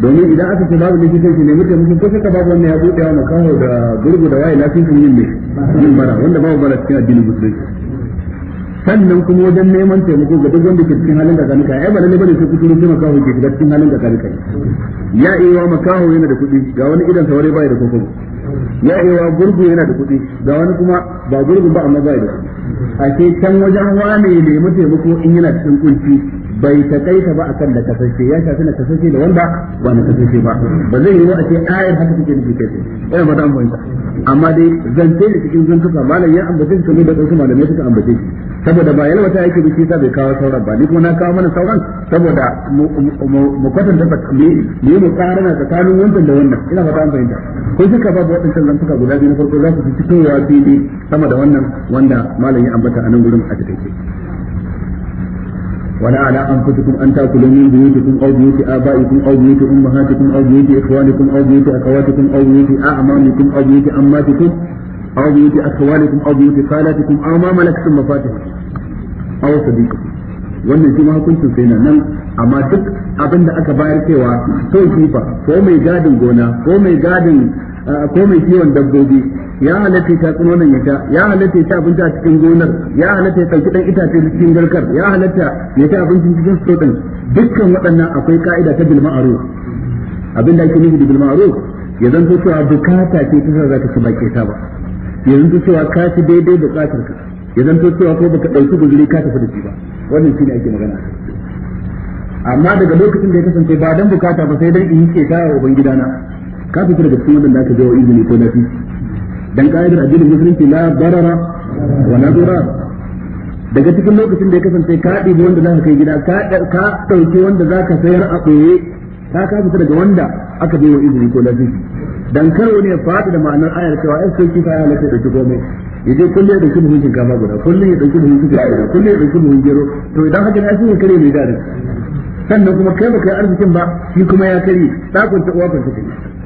domin idan aka ce babu laifi sai ki nemi taimako ko saka babu wannan ya buɗe wa makaho da gurgu da waye lafiya sun yin ne yin bara wanda babu bara cikin addinin musulunci sannan kuma wajen neman taimako ga duk wanda ke cikin halin da kanika ai ba ne bane sai kuturu ne makaho ke cikin halin da kanika ya iya wa makaho yana da kuɗi ga wani idan saware bai da kokobo ya iya gurgu yana da kuɗi da wani kuma ba gurgu ba amma ba da a ce can wajen wane ne nemi taimako in yana cikin kunci bai ta ba a kan da kasance ya shafi na kasance da wanda ba na kasance ba ba zai yi a ce ayar haka take nufi kai ina ba ta amfani amma dai zance da cikin zantuka malam ya ambace shi kuma da kansu malamai suka ambace shi saboda ba yana wata yake biki sa bai kawo sauran ba ni kuma na kawo mana sauran saboda mu kwatanta kame ne mu tsara na tsakanin wancan da wannan ina ba ta fahimta. ko suka babu waɗancan zantuka guda biyu na farko za su fi wafi ne sama da wannan wanda malam ya ambata a nan gurin a takaice ولا على أنفسكم أن تأكلوا من بيوتكم أو بيوت آبائكم أو بيوت أمهاتكم أو بيوت إخوانكم أو بيوت أخواتكم أو بيوت أعمامكم أو بيوت أماتكم أو بيوت أخوالكم أو بيوت خالاتكم أو ما ملكتم مفاتحكم أو صديقكم wannan shi ma hukuncin sai nan amma duk abin da aka bayar cewa ko kifa ko mai gadin gona ko mai gadin ko mai kiwon dabbobi ya halatta ta tsino nan ya sha ya halatta ta abinci a cikin gonar ya halatta ya ɗauki ɗan itace cikin garkar ya halatta ya ta abincin cikin sotan dukkan waɗannan akwai ka'ida ta bil ma'ruf abin da ake nufi da bil ma'ruf ya zanto cewa bukata ce ta za ka bake ta ba ya zanto cewa ka ci daidai bukatar ka ya zanto cewa ko baka dauki guzuri ka tafi da shi ba wannan shine ake magana amma daga lokacin da ya kasance ba dan bukata ba sai dan in yi ke ta wa ubangidana ka fitar da cikin wannan da aka ga izini ko nafi dan ka'idar addinin musulunci la barara wa la durar daga cikin lokacin da ya kasance ka ɗibi wanda za ka kai gida ka ɗauki wanda za ka sayar a ɓoye ka ka fita daga wanda aka biyo wa izini ko lafiya dan kar wani ya faɗi da ma'anar ayar cewa ai sai kifa ya lafiya da komai ya je kullum ya ɗauki buhun kama guda kullum ya ɗauki buhun shinkafa guda kullum ya ɗauki buhun gero to idan haka ne ai sun kare mai gari sannan kuma kai baka yi arzikin ba shi kuma ya kari dakon ta uwa kan ta kai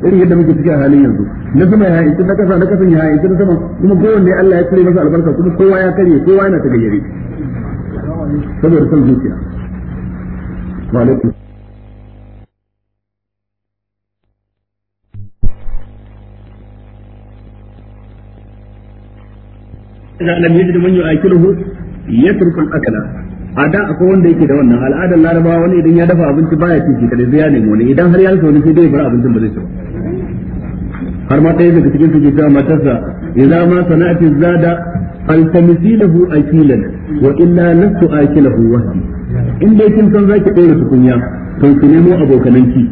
irin yadda muke cikin halin yanzu na sama ya yi na kasa na kasan ya yi na sama kuma kowanne Allah ya kare masa albarka kuma kowa ya kare kowa yana ta gayyare saboda san zuciya wa alaikum إذا لم يجد من يأكله يترك الأكل a da akwai wanda yake da wannan al'adar larabawa wani idan ya dafa abinci baya ci shi kada ya nemi wani idan har ya so ne sai dai bar abincin ba zai ci ba har ma ɗaya daga cikin su ke cewa matarsa idan ma sana'ati zada altamisilahu akilan wa illa nasu akilahu wahdi in dai kin san zaki ɗora tukunya to ki nemo abokananki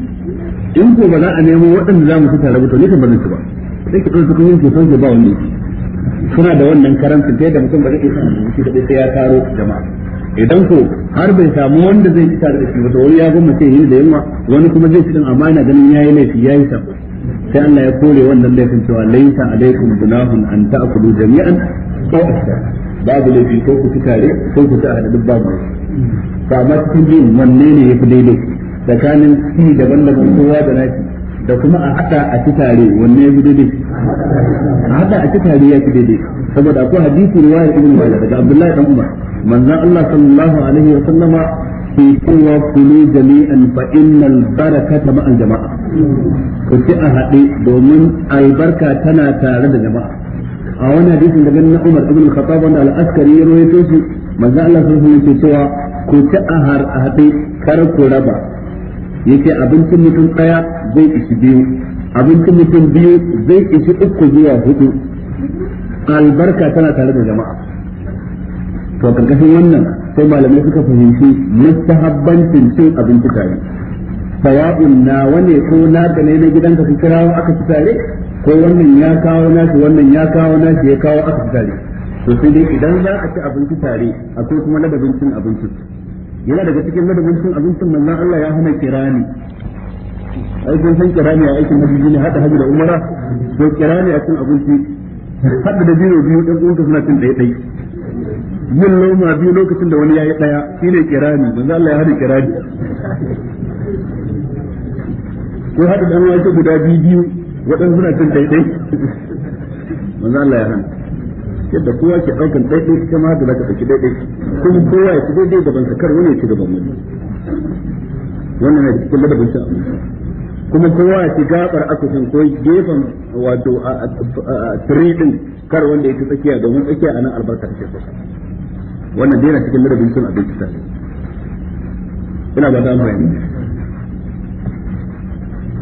in ko ba za a nemo waɗanda za mu ci tare ba to ni kan ba zan ci ba sai ki ɗora tukunya ki san ba wani suna da wannan karantin sai da mutum ba zai iya san abinci da sai ya taro jama'a idan ko har bai samu wanda zai ci tare da shi ba wani ya goma sai yi da yamma wani kuma zai ci amma ina ganin yayi laifi yayi sabo sai Allah ya kore wannan laifin cewa laisa alaikum gunahun an ta'kulu jami'an aw akthar babu laifi ko ku ci tare ko ku ci a duk babu to ma cikin yin wanne ne fi daidai tsakanin ci daban-daban kowa da nashi da kuma a hada a ci tare wanne fi daidai a hada a ci tare fi daidai saboda akwai hadisi riwayar ibn Majah daga Abdullahi dan Umar manzon Allah sallallahu alaihi wa sallama ke cewa kulu jami'an fa innal barakata ma'al ku ci a haɗe domin albarka tana tare da jama'a a wani hadisin daga na Umar ibn Khattab wanda al-Askari ya rawaito shi manzo Allah sallallahu alaihi ku ci a haɗe abincin mutum ɗaya zai ishi biyu abincin mutum biyu zai ishi uku zuwa hudu albarka tana tare da jama'a to a karkashin wannan sai malamai suka fahimci mustahabbancin cin abinci tare sawa'un na wane ko naka ne na gidan ka kirawo aka ci tare ko wannan ya kawo nashi wannan ya kawo nashi ya kawo aka ci tare to sai dai idan za a ci abinci tare akwai kuma ladabin cin abinci yana daga cikin ladabin cin abincin manzon Allah ya hana kirani aikin san kirani a aikin hajji ne hada hajji da umara to kirani a cin abinci hada da biyu biyu ɗan uwanka suna cin ɗaya ɗaya yin lauma biyu lokacin da wani yayi daya shine kirani manzo Allah ya hada kirani ko hada dan wake guda biyu biyu waɗansu suna cin daidai manzo Allah ya hana yadda kowa ke daukan daidai ita kama da zaka dauki daidai kuma kowa ya ci daidai da sa kar wani ya ci gaban wani wannan ne cikin ladabin sha kuma kowa ya ci gabar akushin koyi gefen wato a tire kar wanda ya ci tsakiya domin tsakiya anan albarka take sosai wannan dai yana cikin ladabin sun abinci kisa ina ba damar yanzu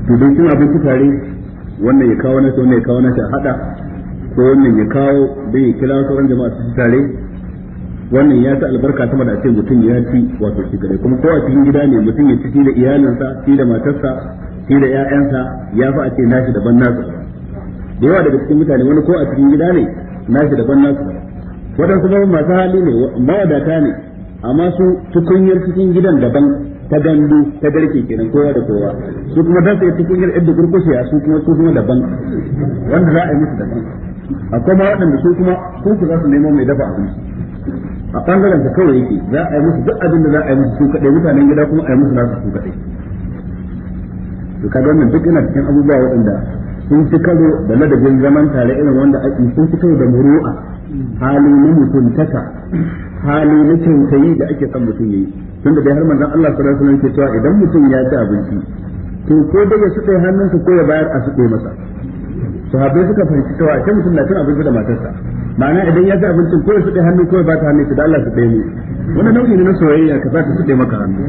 to dai cin abinci tare wannan ya kawo nasa wannan ya kawo nasa hada ko wannan ya kawo bai ya kira sauran jama'a su tare wannan ya ta albarka sama da ce mutum ya ci wato shi gare kuma ko a cikin gida ne mutum ya ci da iyalinsa shi da matarsa shi da 'ya'yansa ya fi a ce nashi daban nasu da yawa daga cikin mutane wani ko a cikin gida ne nashi daban nasu waɗansu ba masu hali ne mawadata ne amma su tukunyar cikin gidan daban ta gandu ta garke kenan kowa da kowa su kuma dan sai tukunyar yadda gurkushiya su kuma su kuma daban wanda za a yi musu daban akwai ma waɗanda su kuma su ku za su nemo mai dafa abinci a ɓangaren ka kawai yake za a yi musu duk abin da za a yi musu su kaɗai mutanen gida kuma a yi musu nasu su kaɗai to kaga wannan duk ina cikin abubuwa waɗanda sun fi karo da ladabin zaman tare irin wanda ake sun fi karo da muru'a hali na mutuntaka hali na tausayi da ake son mutum yi da dai har manzon Allah sallallahu alaihi wasallam ke cewa idan mutum ya ci abinci to ko dai su kai hannunsa ko ya bayar a kai masa sahabbai suka fahimci cewa ita mutum na cin abinci da matarsa ma'ana idan ya ci abincin ko ya kai hannu ko ya bata ta hannu da Allah su kai ne wannan nau'i ne na soyayya ka za ta kai maka hannu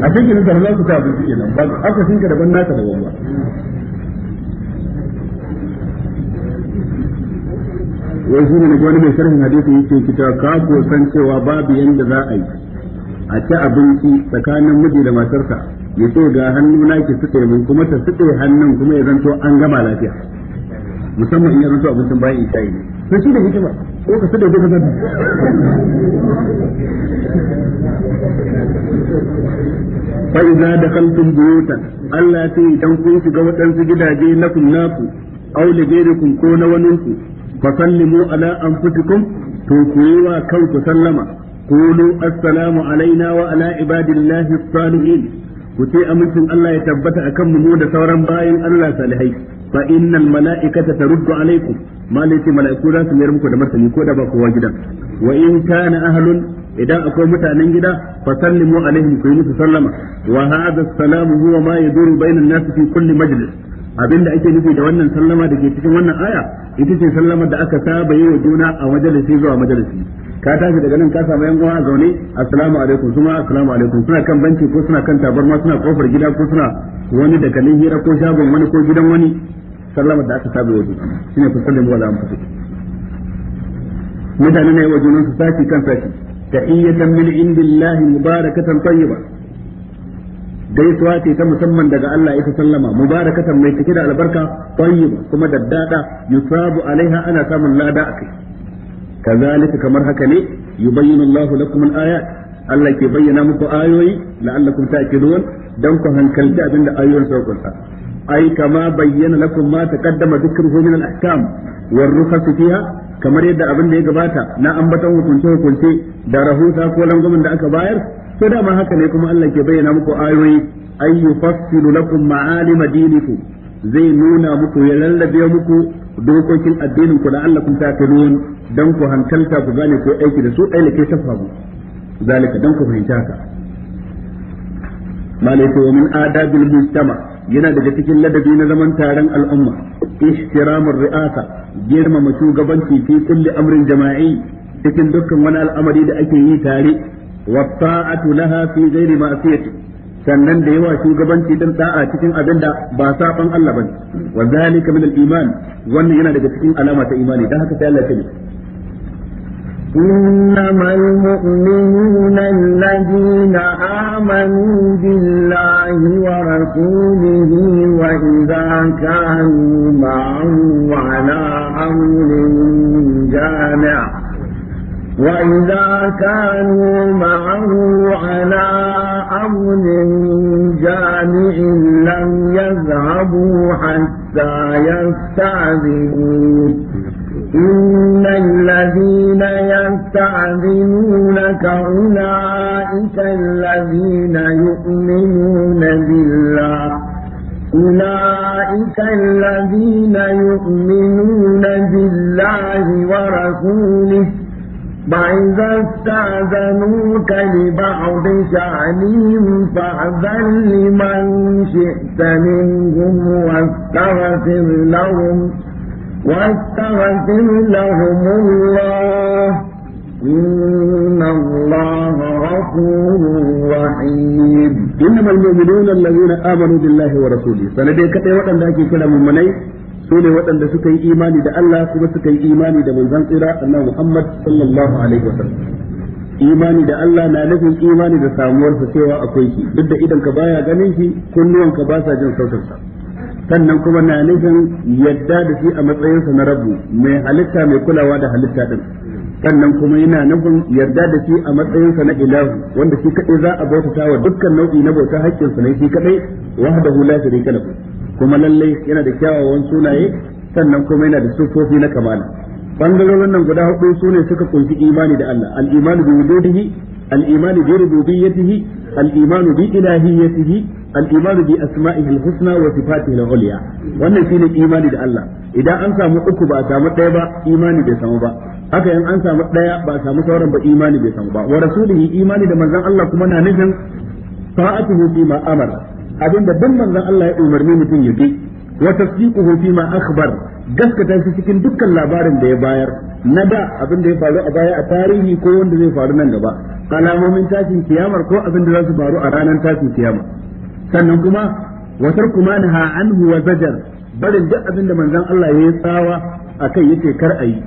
a cikin da za ku ta abinci kenan ba aka sinka ban naka da ba wai ne na wani mai sharhin hadisi yake kita ka ko san cewa babu yanda za a yi a ci abinci tsakanin miji da matarsa ya ce ga hannu na ki suke mun kuma ta suke hannun kuma ya zanto an gama lafiya musamman in ya zanto abincin bayan isha yi to shi da hikima ko ka suke duka zan fa idza dakaltum buyutan Allah sai idan kun shiga waɗansu gidaje na kunnaku aw li ko na waninku fa sallimu ala anfusikum to ku yi wa kanku sallama qulu assalamu alaina wa ala ibadillahi as-salihin ku ce amincin Allah ya tabbata akan mu da sauran bayan Allah salihai fa innal mala'ikata taruddu alaikum malaikai mala'iku za su mayar muku da martani ko da ba kowa gidan wa in kana ahlun idan akwai mutanen gida fa sallimu alaihim ku yi musu sallama Waha hadha as-salamu huwa ma yaduru bainan nas fi kulli majlis Abin da ake nufi da wannan sallama da ke cikin wannan aya ita ce sallamar da aka saba yi wa juna a majalisi zuwa majalisi ka tashi daga nan ka samu yan uwa a zaune assalamu alaikum suma assalamu alaikum suna kan banki ko suna kan tabarma suna kofar gida ko suna wani daga nan hira ko shagon wani ko gidan wani sallamar da aka saba yi wa juna shine ku sallamu ala anfusikum mutane ne wa junan su saki kan saki tahiyatan min indillahi mubarakatan tayyiba gaisuwa ce ta musamman daga Allah ya sallama mubarakatan mai cike da albarka tayyib kuma daddada yusabu alaiha ana samun lada akai kazalika kamar haka ne yubayyinu Allahu lakum al-ayat Allah ke bayyana muku ayoyi la'allakum ta'qilun dan ku hankalci abinda ayoyin suka kunsa ai kama bayyana lakum ma taqaddama dhikruhu min al-ahkam war-rukhas fiha kamar yadda abin da ya gabata na ambaton hukunce hukunce da rahusa ko langwamin da aka bayar to dama haka ne kuma Allah ke bayyana muku ayoyi ay yufassilu lakum ma'alim dinikum zai nuna muku ya lallabe muku dokokin addinin ku da Allah kun ta kalon dan ku hankalta ku gane ko aiki da su ai lake tafabu zalika dan ku fahimta haka malaka wa min adabil mujtama' yana daga cikin ladabi na zaman taron al'umma ihtiramur ri'asa girmama shugabanci fi kulli amrin jama'i cikin dukkan wani al'amari da ake yi tare wa ta'atu zai fi ghairi ma'siyati sannan da yawa shugabanci dan da'a cikin abin da ba saban Allah bane wa zalika min al-iman wannan yana daga cikin alama ta imani dan haka sai Allah ya ce إنما المؤمنون الذين آمنوا بالله ورسوله وإذا كانوا معه على أمر jami'a. وإذا كانوا معه على أمر جامع لم يذهبوا حتى يستعذبوه إن الذين يستعذنونك أولئك الذين يؤمنون بالله أولئك الذين يؤمنون بالله ورسوله وإذا استأذنوك لبعض شعبهم فأذن لمن شئت منهم واستغفر لهم واستغفر لهم الله إن الله غفور رحيم إنما المؤمنون الذين آمنوا بالله ورسوله فلديك أيضا ذاك كلام مني su ne waɗanda suka yi imani da Allah kuma suka yi imani da manzon tsira annabi Muhammad sallallahu alaihi wasallam imani da Allah na nufin imani da samuwar sa cewa akwai shi duk da idan ka baya ganin shi kunnuwan ka ba sa jin sautin sa sannan kuma na nufin yadda da shi a matsayin sa na rabu mai halitta mai kulawa da halitta din sannan kuma yana nufin yarda da shi a matsayin sa na ilahu wanda shi kadai za a bautata dukkan nau'i na bauta haƙƙin sa ne shi kadai wahdahu la sharika lahu kuma lallai yana da kyawawan sunaye sannan kuma yana da sufofi na kamala bangarorin nan guda hudu sune suka kunshi imani da Allah al-imanu bi wujudihi al-imanu bi rububiyyatihi al-imanu bi ilahiyyatihi al-imanu bi asma'ihi al-husna wa sifatihi al-ulya wannan shine imani da Allah idan an samu uku ba a samu daya ba imani bai samu ba haka in an samu daya ba a samu sauran ba imani bai samu ba wa rasulihi imani da manzon Allah kuma na nufin ta'atuhu fi ma abinda duk manzon Allah ya umarni mutum ya bi wa tasdiquhu fi ma akhbar gaskata shi cikin dukkan labarin da ya bayar na da abin da ya faru a baya a tarihi ko wanda zai faru nan gaba alamomin tashin kiyamar ko abin da za su faru a ranar tashin kiyama sannan kuma wa tarku ma naha anhu wa zajar barin duk abin da manzon Allah ya yi tsawa akai yake kar ayi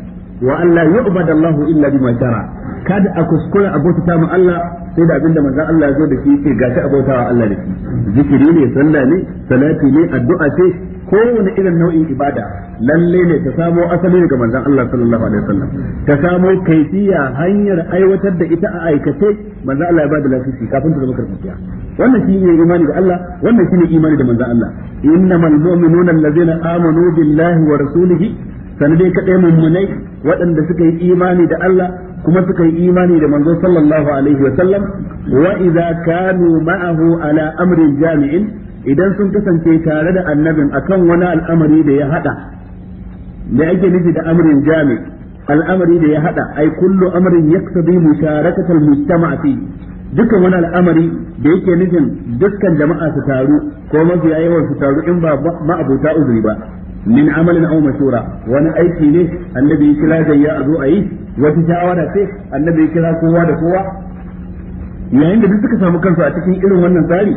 wa Allah yu'badallahu illa bima tara kada a kuskura abota ta mu Allah sai da abinda manzon Allah ya zo da shi yake gashi abautawa Allah da shi zikiri ne sallah ne salati ne addu'a ce kowane irin nau'in ibada lalle ne ta samo asali daga manzon Allah sallallahu alaihi wasallam ta samo kaifiya hanyar aiwatar da ita a aikace manzon Allah ya bada lafiya kafin ta zama karfafiya wannan shi ne imani da Allah wannan shi ne imani da manzon Allah innamal mu'minuna allazina amanu billahi wa rasulihi sanadai kadai mummunai waɗanda suka yi imani da Allah kuma suka yi imani da manzo sallallahu alaihi wa sallam wa idza kanu ma'ahu ala amrin jami'in idan sun kasance tare da annabin akan wani al'amari da ya hada da ake nufi da amrin jami al'amari da ya hada ai kullu amrin yaktabi musharakatal mujtama'a fi dukkan wani al'amari da yake nufin dukkan jama'a su taru ko mafiya yawan su taru in ba ma'abuta uzuri ba min amalin aw mashura wani aiki ne annabi ya kira gayya a zo ayi yi wata shawara ce annabi ya kira kowa da kowa yayin da duk suka samu kansu a cikin irin wannan tsari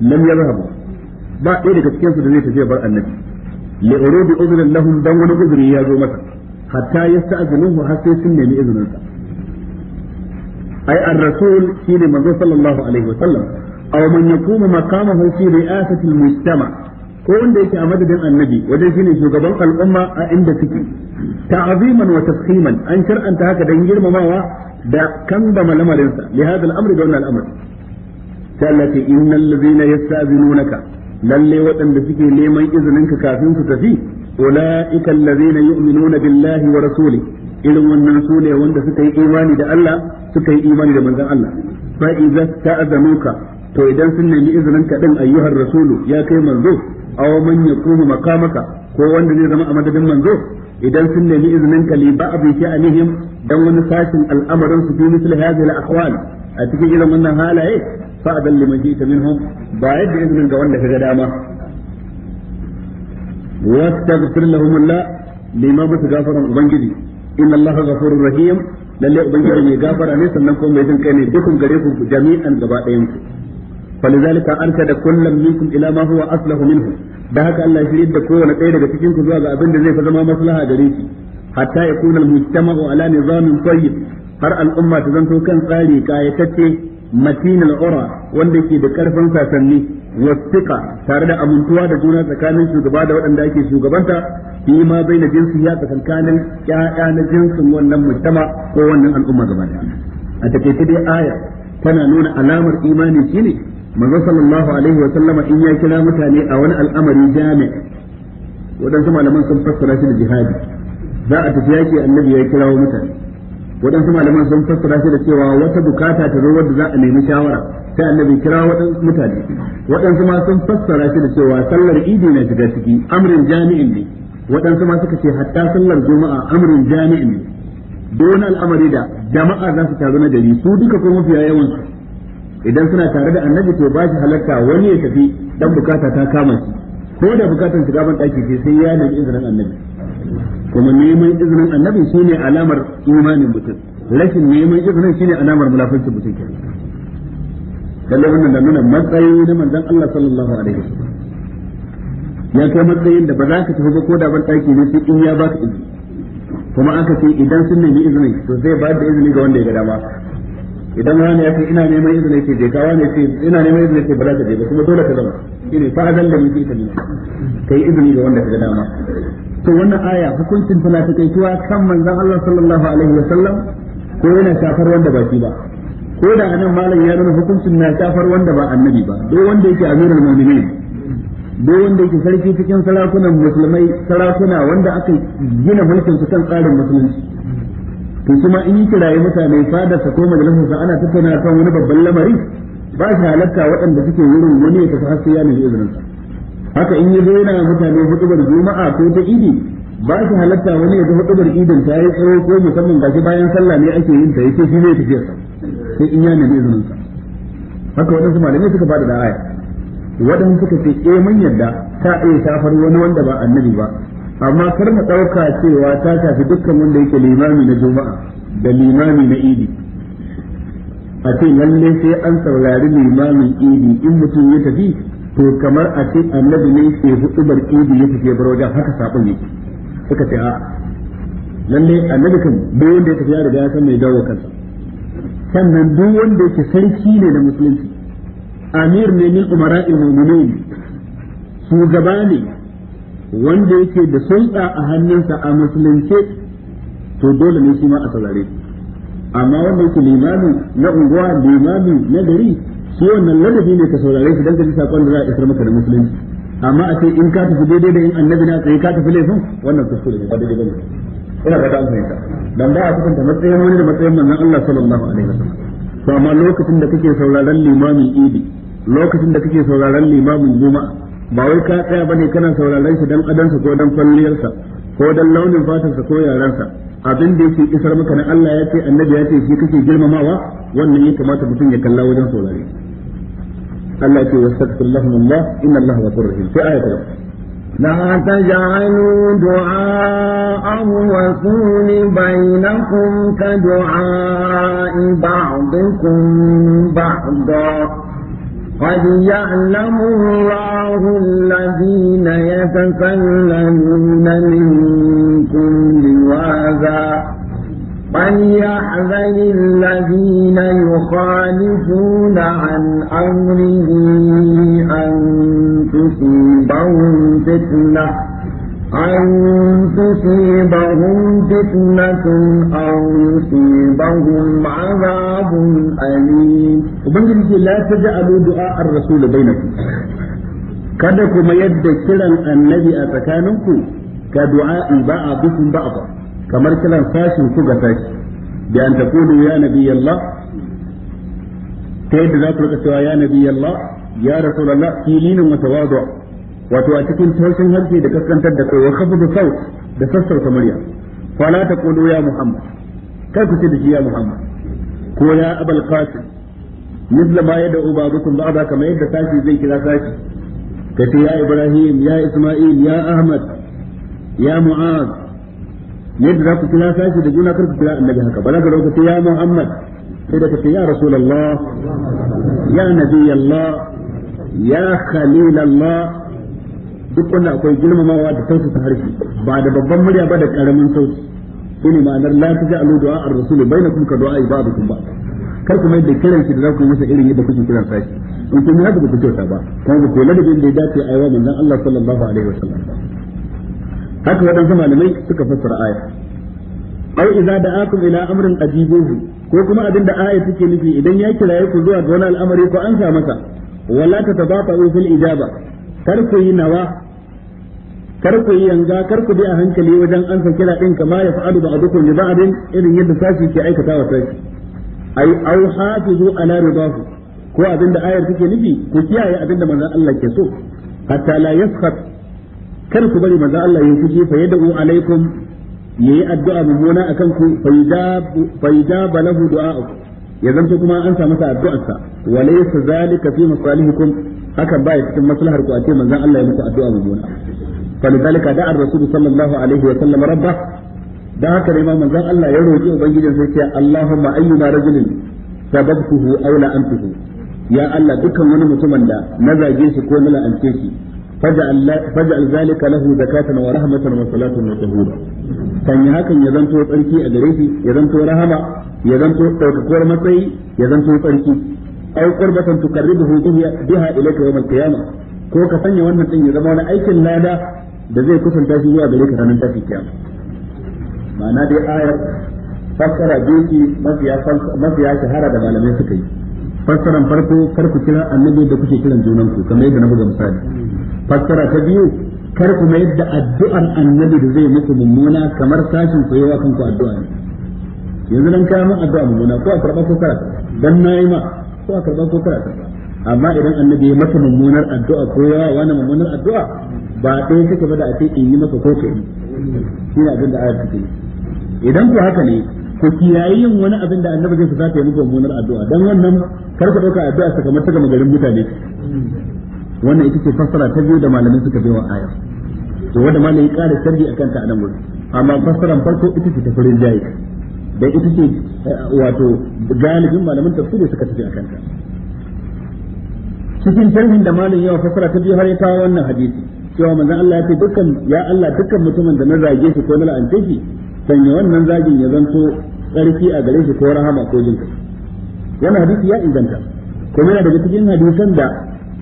lam yazhabu ba ɗaya daga cikin su da zai tafi bar annabi li urudi uzrin lahum dan wani uzuri ya zo masa hatta yasta'zinuhu har sai sun nemi izinin sa ai ar-rasul shine manzo sallallahu alaihi wa sallam aw man yakumu maqamahu fi ri'asati al-mujtama' ko wanda yake a madadin annabi wajen ne shugaban al'umma a inda suke ta'aziman wa tashiman an shar'anta haka dan girmamawa da kan da malamarin sa li hada al'amri da wannan al'amari sai Allah innal ladzina yastazinunaka lalle waɗanda suke neman izinin ka kafin su tafi ulaika allazina yu'minuna billahi wa rasulihi irin wannan su ne wanda suka yi imani da Allah suka yi imani da manzon Allah fa idza ta'azanuka to idan sun nemi izinin ka din ayyuhar rasulu ya kai manzo aw man yaqumu makamaka ko wanda zai zama a madadin manzo idan sun nemi izinin ka li ba'd sha'anihim dan wani sashin al'amarin su fi misli hadhihi al-ahwal a cikin irin wannan halaye fa'adan liman ji'ta minhum ba yadda izinin ga wanda kaga dama واستغفر لهم الله لما بتغفر ubangiji inna allaha ghafurur rahim lalle ubangiji mai gafara ne sannan kuma mai jin kai ne dukkan gare ku jami'an gaba ɗayan ku فلذلك أرشد كل منكم إلى ما هو أصله منه ده هكا الله يريد كون قيد بتكين كذوا أبن زي فزما مصلحة جريتي حتى يكون المجتمع على نظام طيب har al'umma ta zanto kan tsari kayatacce matinal ura wanda ke da karfin sasanni wasiqa tare da amintuwa da juna tsakanin shugaba da waɗanda ake shugabanta fi ma baina jinsi ya tsakankanin ƴaƴa na jinsin wannan mujtama ko wannan al'umma gaba a take aya tana nuna alamar imani shine manzo sallallahu alaihi wa sallama in ya kira mutane a wani al'amari jami wadansu malaman sun fassara shi da jihadi za a tafi yaki annabi ya kirawo mutane wadansu malaman sun fassara shi da cewa wata bukata ta zo wadda za a nemi shawara sai annabi kira wadansu mutane wadansu ma sun fassara shi da cewa sallar idi na shiga ciki amrin jami'in ne wadansu ma suka ce hatta sallar juma'a amrin jami'in ne wani al'amari da jama'a za su taru na gari su duka ko mafiya yawan su idan suna tare da annabi to ba shi halarta wani ya tafi dan bukata ta kama shi ko da bukatar shiga ban daki ce sai ya nemi izinin annabi kuma neman izinin annabi shine alamar imanin mutum rashin neman izinin shine alamar munafincin mutum kenan kalle wannan da nuna matsayi na manzon Allah sallallahu alaihi wasallam ya kai matsayin da ba za ka tafi ba ko da ban daki ne sai in ya ka izini kuma aka ce idan sun nemi izinin to zai ba da izini ga wanda ya ga dama idan wani ya ce ina neman izini yake je kawa ne ce ina neman izini yake ba za ka je ba kuma dole ka zama shine fa azal da yake ka nuna kai izini ga wanda ka ga dama to wannan aya hukuncin tana ta kai kiwa kan manzon Allah sallallahu alaihi wa sallam ko yana shafar wanda ba shi ba ko da anan malam ya nuna hukuncin na shafar wanda ba annabi ba duk wanda yake amirul mu'minin duk wanda yake sarki cikin sarakunan musulmai sarakuna wanda aka gina mulkin su kan tsarin musulunci to kuma in yi kiraye mutane fadarsa ko majalisarsa ana tattauna kan wani babban lamari ba shi halatta waɗanda suke wurin wani ya tafi haske ya nemi izininsa haka in yi zaina yana mutane hutubar juma'a ko ta idi ba shi halatta wani ya tafi hutubar idin ta yi tsaro ko musamman gashi bayan sallah ne ake yin ta yake shi ne tafiyarsa sai in ya nemi izininsa haka waɗansu malamai suka bada da aya waɗansu suka ce eh mun yadda ta iya shafar wani wanda ba annabi ba amma kar mu ɗauka cewa ta shafi dukkan wanda yake limami na juma'a da limami na idi a ce lalle sai an saurari limamin idi in mutum ya tafi to kamar a ce annabi ne ke hudubar idi ya tafi bar wajen haka sabon yake suka ce a lalle annabi kan duk wanda ya tafi ya riga ya san mai dawo kansa sannan duk wanda yake sarki ne na musulunci amir ne min umara'il mu'minin gaba ne wanda yake da sulɗa a hannunsa a musulunce to dole ne shi ma a saurare amma wanda yake limami na unguwa limami na gari shi wannan ladabi ne ka saurare shi dan ka ji sakon da za a isar maka da musulunci amma a ce in ka tafi daidai da in annabi na tsaye ka tafi laifin wannan kuskure ne ba daidai bane ina ta an fahimta dan ba a ta matsayin wani da matsayin manzon Allah sallallahu alaihi wasallam to amma lokacin da kake sauraron limamin idi lokacin da kake sauraron limamin juma'a ba wai ka tsaya bane kana sauraron shi dan adansa ko dan kwalliyarsa ko dan launin fatarsa ko sa abin da yake isar maka na Allah ya annabi yace ce shi kake girmamawa wannan ya kamata mutum ya kalla wajen saurare Allah ce alaihi wa Allah inna Allah wa rahim sai ayatul لا تجعلوا دعاء الرسول بينكم كدعاء بعضكم بعضا قد يعلم الله الذين يتسللون منكم لواذا فليحذر الذين يخالفون عن أمره أن تصيبهم فتنة أن تصيبهم فتنة أو يصيبهم عذاب أليم وبنجد لا تجعلوا دعاء الرسول بينكم kada kuma yadda kiran annabi a tsakaninku ka du'a'i ba'a bikum ba'da kamar kiran sashin ku ga sashi da an taqulu ya nabiyallah ta yadda za ku ya ya wato a cikin taushin harshe da kaskantar da kai wa da saut da sassauta murya fala ta taqulu ya muhammad kai ku ce da shi ya muhammad ko ya abul qasim مثل ما يدعو بعضكم بعضا yadda sashi zai kira sashi. Ka ce ya Ibrahim, ya Isma'il, ya Ahmad, ya معاذ yadda za ku kira sashi da juna kar ku kira annabi haka ba za ka dauka ya Muhammad sai da kace ya Rasulullah ya Nabi ya Khalil Allah duk wanda akwai girmamawa da tausasa harshe ba da babban murya ba da karamin sauti shine ma'anar la taj'alu du'a ar-rasul bainakum ka du'a ibadakum ba kar ku mai da kiran ki da za ku masa irin yadda kuke kiran sashi in kun yi haka ba ku kyauta ba kuma ba ku kula da da ya dace a yawa manzon Allah sallallahu alaihi wasallam haka waɗansu malamai suka fassara aya ai idza da'akum ila amrin ajibuhu ko kuma abin da aya take nufi idan ya kiraye ku zuwa ga wani al'amari ko an sa masa wala ta tatabatu fil ijaba kar ku yi nawa kar ku yi yanga kar ku bi a hankali wajen ansa kira din kama ya fa'alu ba'dukum li ba'din irin yadda sashi ke aikata wa sashi ai au hafizu ala ridahu ko abinda ayar take nufi ku kiyaye abinda manzon Allah ke so hatta la yaskhab kar ku bari manzon Allah ya fushi fa yad'u alaikum yayi addu'a mummuna akan ku fa yajab fa yajab lahu du'a'ukum ya zanto kuma an sa masa addu'arsa wa laysa zalika fi masalihikum hakan ba ya cikin maslahar ku a ce manzon Allah ya muku addu'a mummuna فلذلك دعا الرسول صلى الله عليه وسلم ربه da haka ne ma manzon Allah ya roki ubangijin sai ce Allahumma ayyuma rajulin sababtuhu aw la'antuhu ya Allah dukkan wani mutumin da na zage shi ko na la'ance shi faj'al zalika lahu zakatan wa rahmatan wa salatan tahura kan yi hakan ya zanto tsarki a gare shi ya zanto rahama ya zanto ɗaukakuwar matsayi ya zanto tsarki ai qurbatan tuqarribuhu ko ka sanya wannan din ya zama wani aikin lada da zai kusanta shi zuwa gare ka ranar tashi kiyama ma'ana dai ayar fassara doki mafiya shahara da malamai suka yi fassaran farko kar ku kira annabi da kuke kiran junan ku kamar yadda na buga misali fassara ta biyu kar ku mayar da addu'an annabi da zai muku mummuna kamar sashin ku yawa kanku addu'a ne yanzu nan kayan addu'a mummuna ko a karɓar ko karata dan ma ko a karɓar ko karata amma idan annabi ya maka mummunar addu'a ko ya wani mummunar addu'a ba ɗaya take ba da a ce in yi maka ko ka yi shine abin da ayar take idan ku haka ne ku kiyaye yin wani abin da annabi zai fusata yi muku mummunar addu'a dan wannan kar ku dauka addu'a ta kamar ta gama garin mutane wannan ita ce fassara ta biyu da malamin suka bai wa ayar to wanda malamin ya ƙara sharhi akan ta a nan wurin amma fassaran farko ita ce ta farin jayi da ita ce eh, wato galibin malamin tafsiri suka tafi akan ta cikin sharhin da malin yawa fasara ta biyu har ya kawo wannan hadisi cewa manzon Allah ya ce dukkan ya Allah dukkan mutumin da na zage shi ko na la'ance shi sanya wannan zagin ya zanto tsarki a gare shi ko rahama ko jinka wannan hadisi ya inganta kuma yana daga cikin hadisan da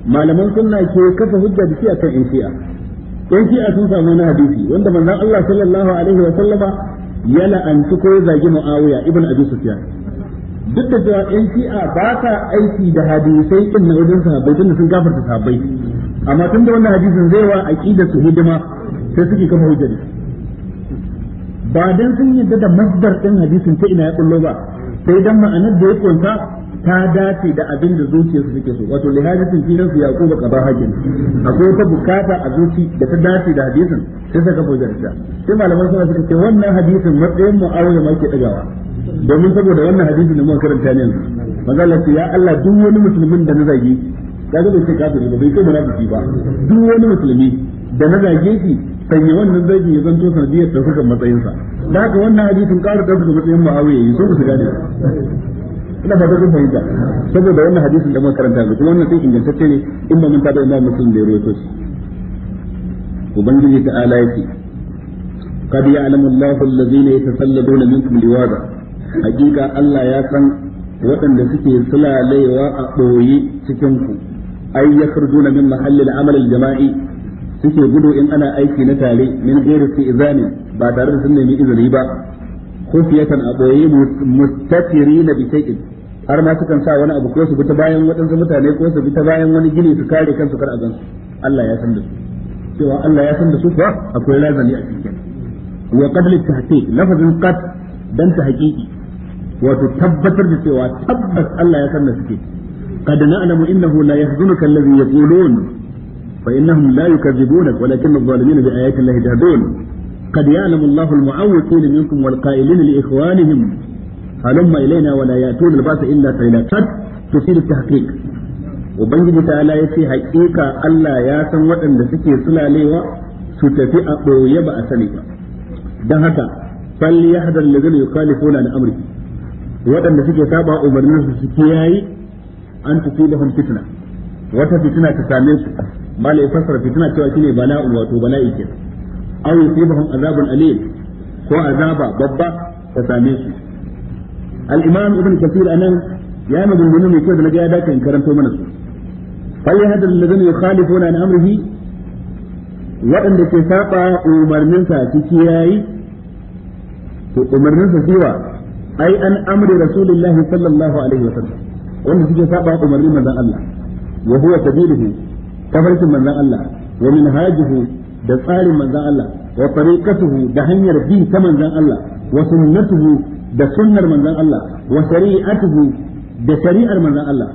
malaman sunna ke kafa hujja da shi akan in shi'a in shi'a sun samu wani hadisi wanda manzon Allah sallallahu alaihi wa sallama ya la'anci ko zagi Muawiya ibn Abi Sufyan duk da cewa yan shi'a ba ta aiki da hadisai din na wajen sahabbai tunda sun gafarta sahabbai amma tun da wannan hadisin zai wa aqida su hidima sai suke kama hujjar ba dan sun yadda da masdar din hadisin ta ina ya kullo ba sai dan ma'anar da ya kunta ta dace da abin da zuciyarsu suke so wato lihajatin fi nafsi yaquba qada hajin akwai ta bukata a zuci da ta dace da hadisin sai saka kafa hujjar sai malaman suna suka ce wannan hadisin matsayin mu'awiya ma ke dagawa domin saboda wannan hadisi da muka karanta ne yanzu manzo Allah ya Allah duk wani musulmin da na zage kaga bai ce kafiri ba bai ce munafiki ba duk wani musulmi da na zage shi yi wannan zagi ya zanto sanadiyar ɗaukakan matsayinsa da haka wannan hadisin ƙara ɗaukaka matsayin ma'awiya yi so su gane ina fata kun fahimta saboda wannan hadisin da muka karanta ga kuma wannan sai ingantacce ne in ba mun tada imam muslim da ya rawaito shi ubangiji ta'ala yake قد يعلم الله الذين يتسللون منكم لواذا hakika Allah ya san waɗanda suke sulalewa a ɓoye cikin ku ai ya khurjuna min mahallil amal jama'i suke gudu in ana aiki na tare min gairu fi izani ba tare da sun nemi izini ba khufiyatan a ɓoye mustatirina na shay'in har ma sukan sa wani abu ko su bi ta bayan waɗansu mutane ko su bi ta bayan wani gini su kare kansu kar a gansu Allah ya san da su cewa Allah ya san da su kuwa akwai razani a cikin wa qabl at-tahqiq lafazin qad dan tahqiqi wato tabbatar da cewa tabbas Allah ya san da suke qad na'lamu innahu la yahzunuka alladhi yaqulun fa innahum la walakin adh-dhalimina bi ayati allahi yahdun ubangiji ta yace Allah ya san waɗanda suke sulalewa su tafi a ɓoye ba a sani ba haka fal yahdar lazina yukhalifuna al-amri waɗanda suke saba umarnin su suke yayi an tusibahum fitna wata fitna ta same su malai fasara fitina cewa shine bala'u wato bala'i ke aw yusibahum azabun alim ko azaba babba ta same su al-imam ibn kathir anan ya magungunu mai kyau da naga ya dace in karanto mana su fal yahdu alladhina yukhalifuna an amrihi waɗanda ke saba umarninsa cikin yayi to umarninsa cewa ai an amri rasulullah sallallahu alaihi wa sallam wanda suke saba umarni manzon Allah wa huwa sabiluhu tafarkin manzon Allah wa minhajuhu da tsarin manzon Allah wa tariqatuhu da hanyar bi ta manzon Allah wa sunnatuhu da sunnar manzon Allah wa shari'atuhu da shari'ar manzon Allah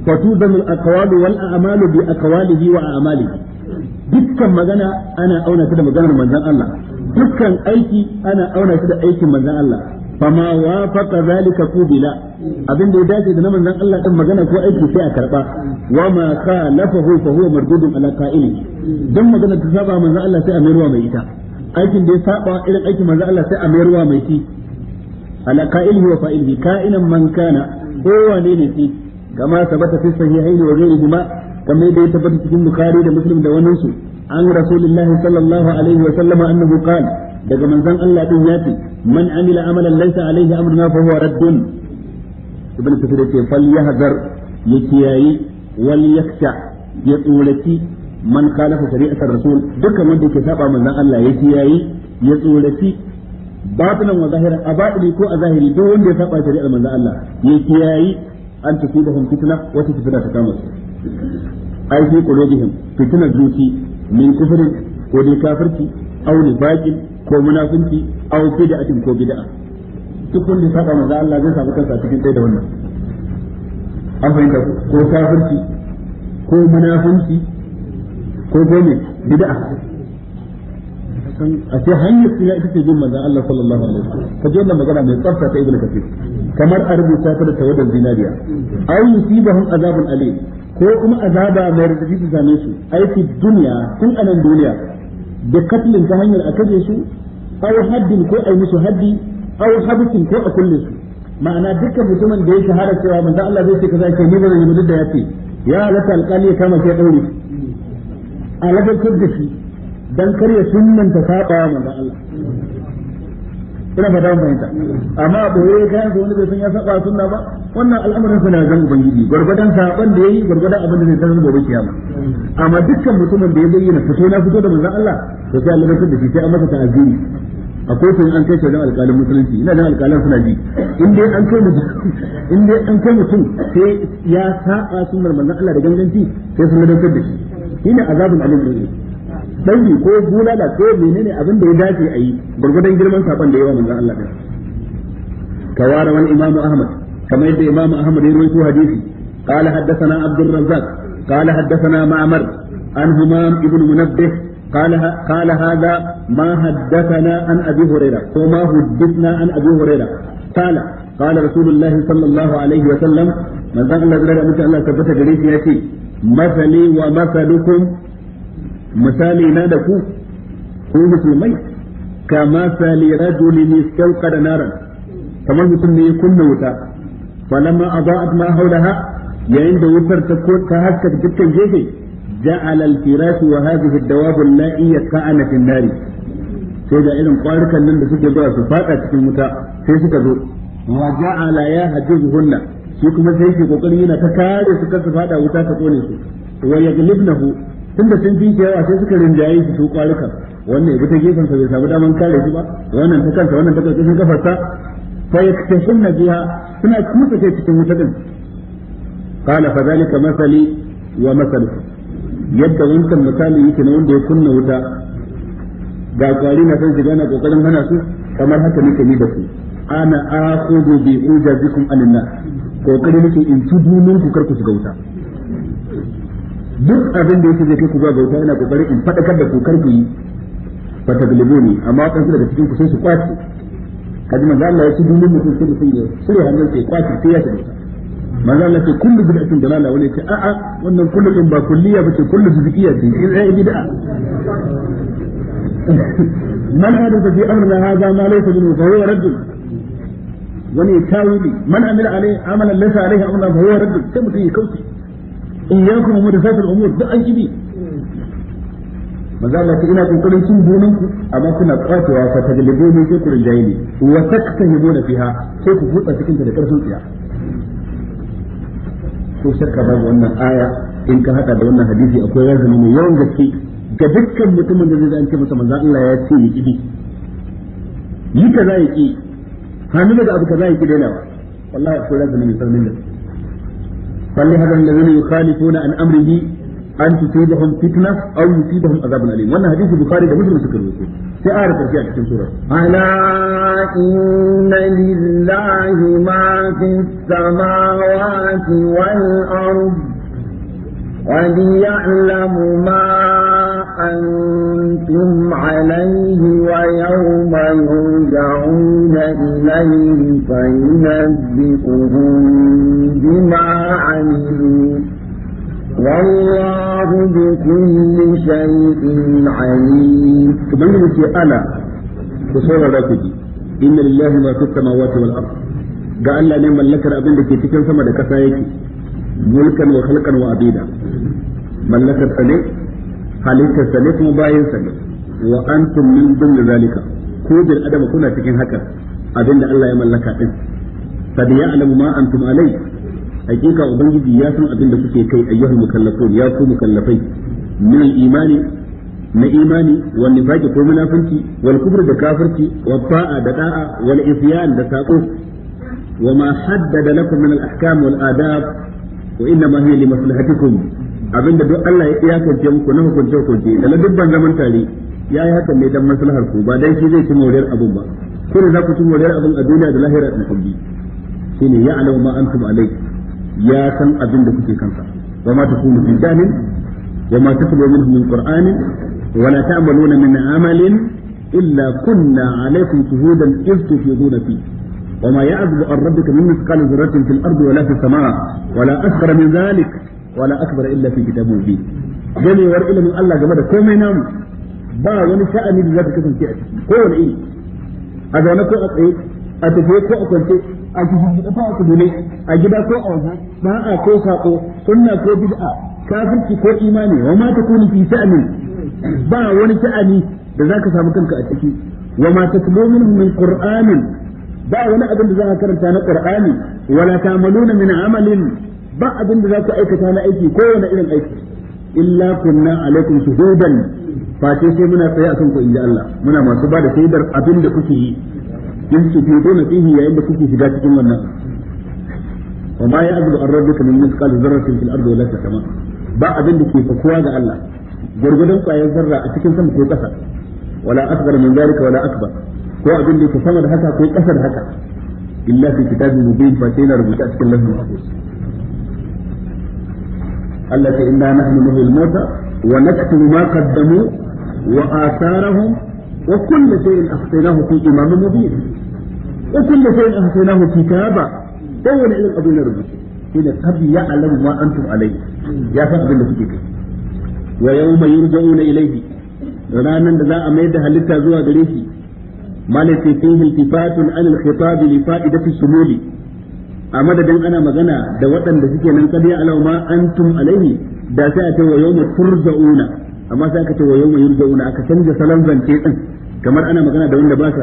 فتوزن الأقوال والأعمال بأقواله وأعماله dukkan magana ana auna ta da maganar manzon Allah dukkan aiki ana auna ta da aikin manzon Allah fama wafaqa zalika bila. abin da ya dace da manzon Allah din magana ko aiki sai a karba wa ma khalafahu fa huwa mardudun ala qa'ili dan magana ta saba manzon Allah sai a mayarwa mai ita aikin da ya saba irin aikin manzon Allah sai a mayarwa mai shi ala qa'ilihi wa fa'ilihi ka'inan man kana kowane ne shi kama sabata fi sahihaini wa ghairihima kamar yadda ya tabbata cikin bukhari da muslim da wannan su an rasulullahi sallallahu alaihi wa sallama annahu qala daga manzon Allah din ya ce man amila amalan laysa alayhi amruna fa huwa raddun ibn kathir yace fal yahzar ya kiyayi wal yakhsha ya tsorati man khalafa shari'atar rasul dukkan wanda yake saba manzon Allah ya kiyayi ya tsorati batinan wa zahira a batini ko a zahiri duk wanda ya saba shari'ar manzon Allah ya kiyayi an tusibahum fitna wa tusibana ta kama ai min ko ko munafunci aw bid'atin ko bid'a duk wanda ya saba manzo Allah zai samu kansa cikin tsaye da wannan an fahimta ko kafirci ko munafunci ko gome bid'a a ce hanyar suna ita ce bin manzo Allah sallallahu alaihi wasallam je wannan magana mai tsafta ta ibnu kafir kamar a rubuta ta da tawadan zinariya aw yusibahum azabun alim ko kuma azaba mai radadi su same su aiki duniya tun anan duniya da katlin ta hanyar a kaje su aw haddin ko ai musu haddi aw habsin ko a kulle su ma'ana dukkan mutumin da ya shahara cewa manzo Allah zai ce kaza ke ni ba zan yi mutunta ya ce ya halatta alƙali ya kama sai daure a ladar da shi dan kar ya sunnanta saba wa manzo Allah ina fata mun fahimta amma boye kayan su wani bai san ya saba sunna ba wannan al'amarin sa na zan ubangiji gurgurdan saban da yayi gurgurdan abin da zai san gobe kiyama amma dukkan mutumin da ya bayyana fito na fito da manzon Allah to sai Allah ya da shi sai an masa ta'azzuri a kotun an kai shaidan alƙalin musulunci ina da alƙalin suna ji in dai an kai mutum in dai an kai mutum sai ya saba sunnar manzon Allah da ganganci sai sun da shi shine azabul alim sani ko gula da ko menene abin da ya dace a yi gurgudan girman sakon da yawa manzon Allah ɗin ka ware wani imamu ahmad kamar yadda imamu ahmad ya rawaito hadisi qala haddathana abdur razzaq qala haddathana ma'mar an humam ibn munabbih قال قال هذا ما حدثنا عن ابي هريره وما حدثنا عن ابي هريره قال قال رسول الله صلى الله عليه وسلم من ذكر الله ان الله ثبت جريس ياتي مثلي ومثلكم misali na da ku ko musulmai kama sali rajulin da naran kamar mutum ne ya kunna wuta falamma adaa'at ma hawlaha yayin da wutar ta ko ta haska dukkan gefe ja'ala al-firash wa hadhihi ad-dawab al-la'iyya ka'ana fi an-nar sai da irin kwarukan nan da suke zuwa su fada cikin wuta sai suka zo wa ja'ala ya hadizuhunna shi kuma sai yake kokarin yana ta kare su su fada wuta ta kone su wa yaglibnahu da sun fi yawa sai suka rinjaye su su kwaruka. wannan ita gefen sa bai samu daman kare shi ba wannan ta kanta wannan ta kafa kafarsa fa na jiha suna kusa kai cikin wuta din Kana fa zalika masali wa masalu yadda wancan misali yake na wanda ya kunna wuta ga kwari na san shiga na kokarin hana su kamar haka nake ni da su ana akhudhu bi ujazikum anin nas kokari nake in tudu dunin ku karku shiga wuta duk abin da yake zai kai ku zuwa ga wuta ina kokarin in fadakar da ku karku yi fa taglibuni amma wadansu daga cikin ku sai su kwace kaji manzo Allah ya ci dinin mutum sai mutum ya shirya hannun sai kwace sai ya tafi manzo Allah ce kullu bid'atin dalala wani ce a'a wannan kullu din ba kulliya bace kullu juz'iyya ce in ai bid'a man hadatha fi amrina hadha ma laysa minhu fa huwa radd wani tawili man amila alai amalan laysa alaihi amruna fa huwa radd sai mutum ya kauce iyyakum wa mudafatul umur duk an kibi Maza Allah ina kokarin cin gonan ku amma kuna kwatowa fa ta galibo ne sai ku rinjaye ne wa taktahibuna fiha sai ku hutsa cikin ta da karfin tsiya ko shakka babu wannan aya in ka hada da wannan hadisi akwai razumi mai yawan gaske ga dukkan mutumin da zai an ce masa maza Allah ya ce yi kidi yi kaza yi ki hannu da abu ka kaza yi ki dainawa wallahi akwai razumi mai tsarnin gaske فلهذا الذين يخالفون عن امره ان تصيبهم فتنه او يصيبهم عذاب اليم وان حديث البخاري ده مش مذكر في سؤال آية في السوره الا ان لله ما في السماوات والارض وليعلم ما أنتم عليه ويوم يرجعون إليه فينبئهم بما عملوا والله بكل شيء عليم تبين أنا تصور ركبي إن لله ما في السماوات والأرض ga Allah ne mallakar abin da ke cikin sama da ƙasa yake mulkan wa khalqan wa abida mallakar sa ne halittar sa ne kuma bayan sa wa antum min dun zalika ko bil adama kuna cikin haka abinda Allah ya mallaka din fa ya alamu ma antum alai hakika ubangiji ya san abinda kuke kai ayyuhal mukallafun ya ku mukallafai min imani na imani wal nifaqi ko munafinci wal kufr da kafirci wa ta'a da da'a wal isyan da sako وما حدد لكم من الأحكام والآداب وإنما هي لمصلحتكم abinda duk Allah ya iyakance muku na hukunce hukunce da na dubban zaman tare ya yi hakan mai dan maslahar ku ba dan shi zai ci moriyar abin ba ku ne za ku ci moriyar abin a duniya da lahira da kulli shine ya alamu ma antum alai ya san abin da kuke kansa wa ma takunu fi danin wa ma tatlu minhu min qur'anin wa la ta'maluna min amalin illa kunna alaykum shuhudan idh tufiduna fihi وما يعزب عن ربك من مثقال ذرة في الأرض ولا في السماء ولا أكثر min ذلك wala akbar illa fi kitabu kitabin mubin ganewar ilimin Allah game da komai namu ba wani sha'ani da zaka kasance a ciki ko wani iri a zauna ko a tsaye a tafiye ko a kwance a gida ko a ne a gida ko a waje a ko sako sunna ko bid'a kafirci ko imani wa ma takunu fi sha'ani ba wani sha'ani da zaka samu kanka a ciki wa ma tatlu min qur'anin ba wani abin da za ka karanta na qur'ani wala ta'maluna min amalin ba abin da za ku aikata na aiki ko wani irin aiki illa kunna alaikum shuhudan face sai muna tsaye akan ku inji Allah muna masu ba da shaidar abin da kuke yi in su fito na fihi yayin da kuke shiga cikin wannan wa ma ya'budu ar-rabbuka min mithqali dharratin fil ardi wa la ba abin da ke fakuwa ga Allah gurgudan kwayan zarra a cikin sama ko kasa wala asghar min zalika wala akbar ko abin da ke sama da haka ko kasa da haka illa fi kitabin mubin fa sai na rubuta cikin lafzin mahfuz التي إنا نحن نحيي الموتى ونكتب ما قدموا وآثارهم وكل شيء أخطيناه في إمام مبين وكل شيء أخطيناه في كتابة دون نعم إلى القبيل الرجل إذا قد يعلم ما أنتم عليه يا فقد المسجد ويوم يرجعون إليه رانا لا أميدها لتازوها دريسي ما لتي فيه التفات عن الخطاب لفائدة الشمولي a madadin ana magana da waɗanda suke nan kadiya alauma antum alaihi da sai a ce wa yawma turza'una amma sai aka ce wa yawma yurza'una aka canza salon zance din kamar ana magana da wanda ba sa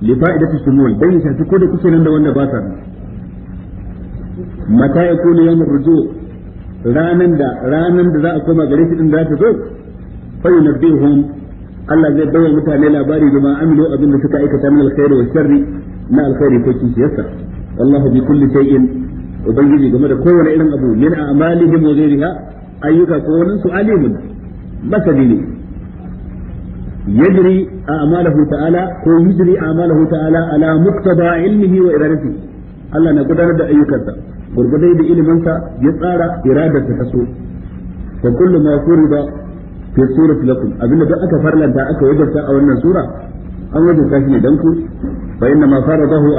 li fa'idatu shumul dan ya shafi ko da kuke nan da wanda ba sa mata yakunu yawma ruju ranan da ranan da za a koma gare shi din za ta zo fa yunabbihum Allah zai bayyana mutane labari da ma amilu abin da suka aikata min alkhairi wa sharri na alkhairi ko kishiyarsa wallahu bi kulli shay'in ubangiji game da kowane irin abu min a'malihim wa ghairiha ayyuka ko wani su alimun masani ne yajri a'malahu ta'ala ko yajri a'malahu ta'ala ala muqtada ilmihi wa iradatihi Allah na gudanar da ayyukansa gurgudai da iliminsa ya tsara iradarsa ta so fa kullu ma furida fi surati lakum abinda duk aka farlanta aka wajarta a wannan sura an wajarta shi dan ku fa inna ma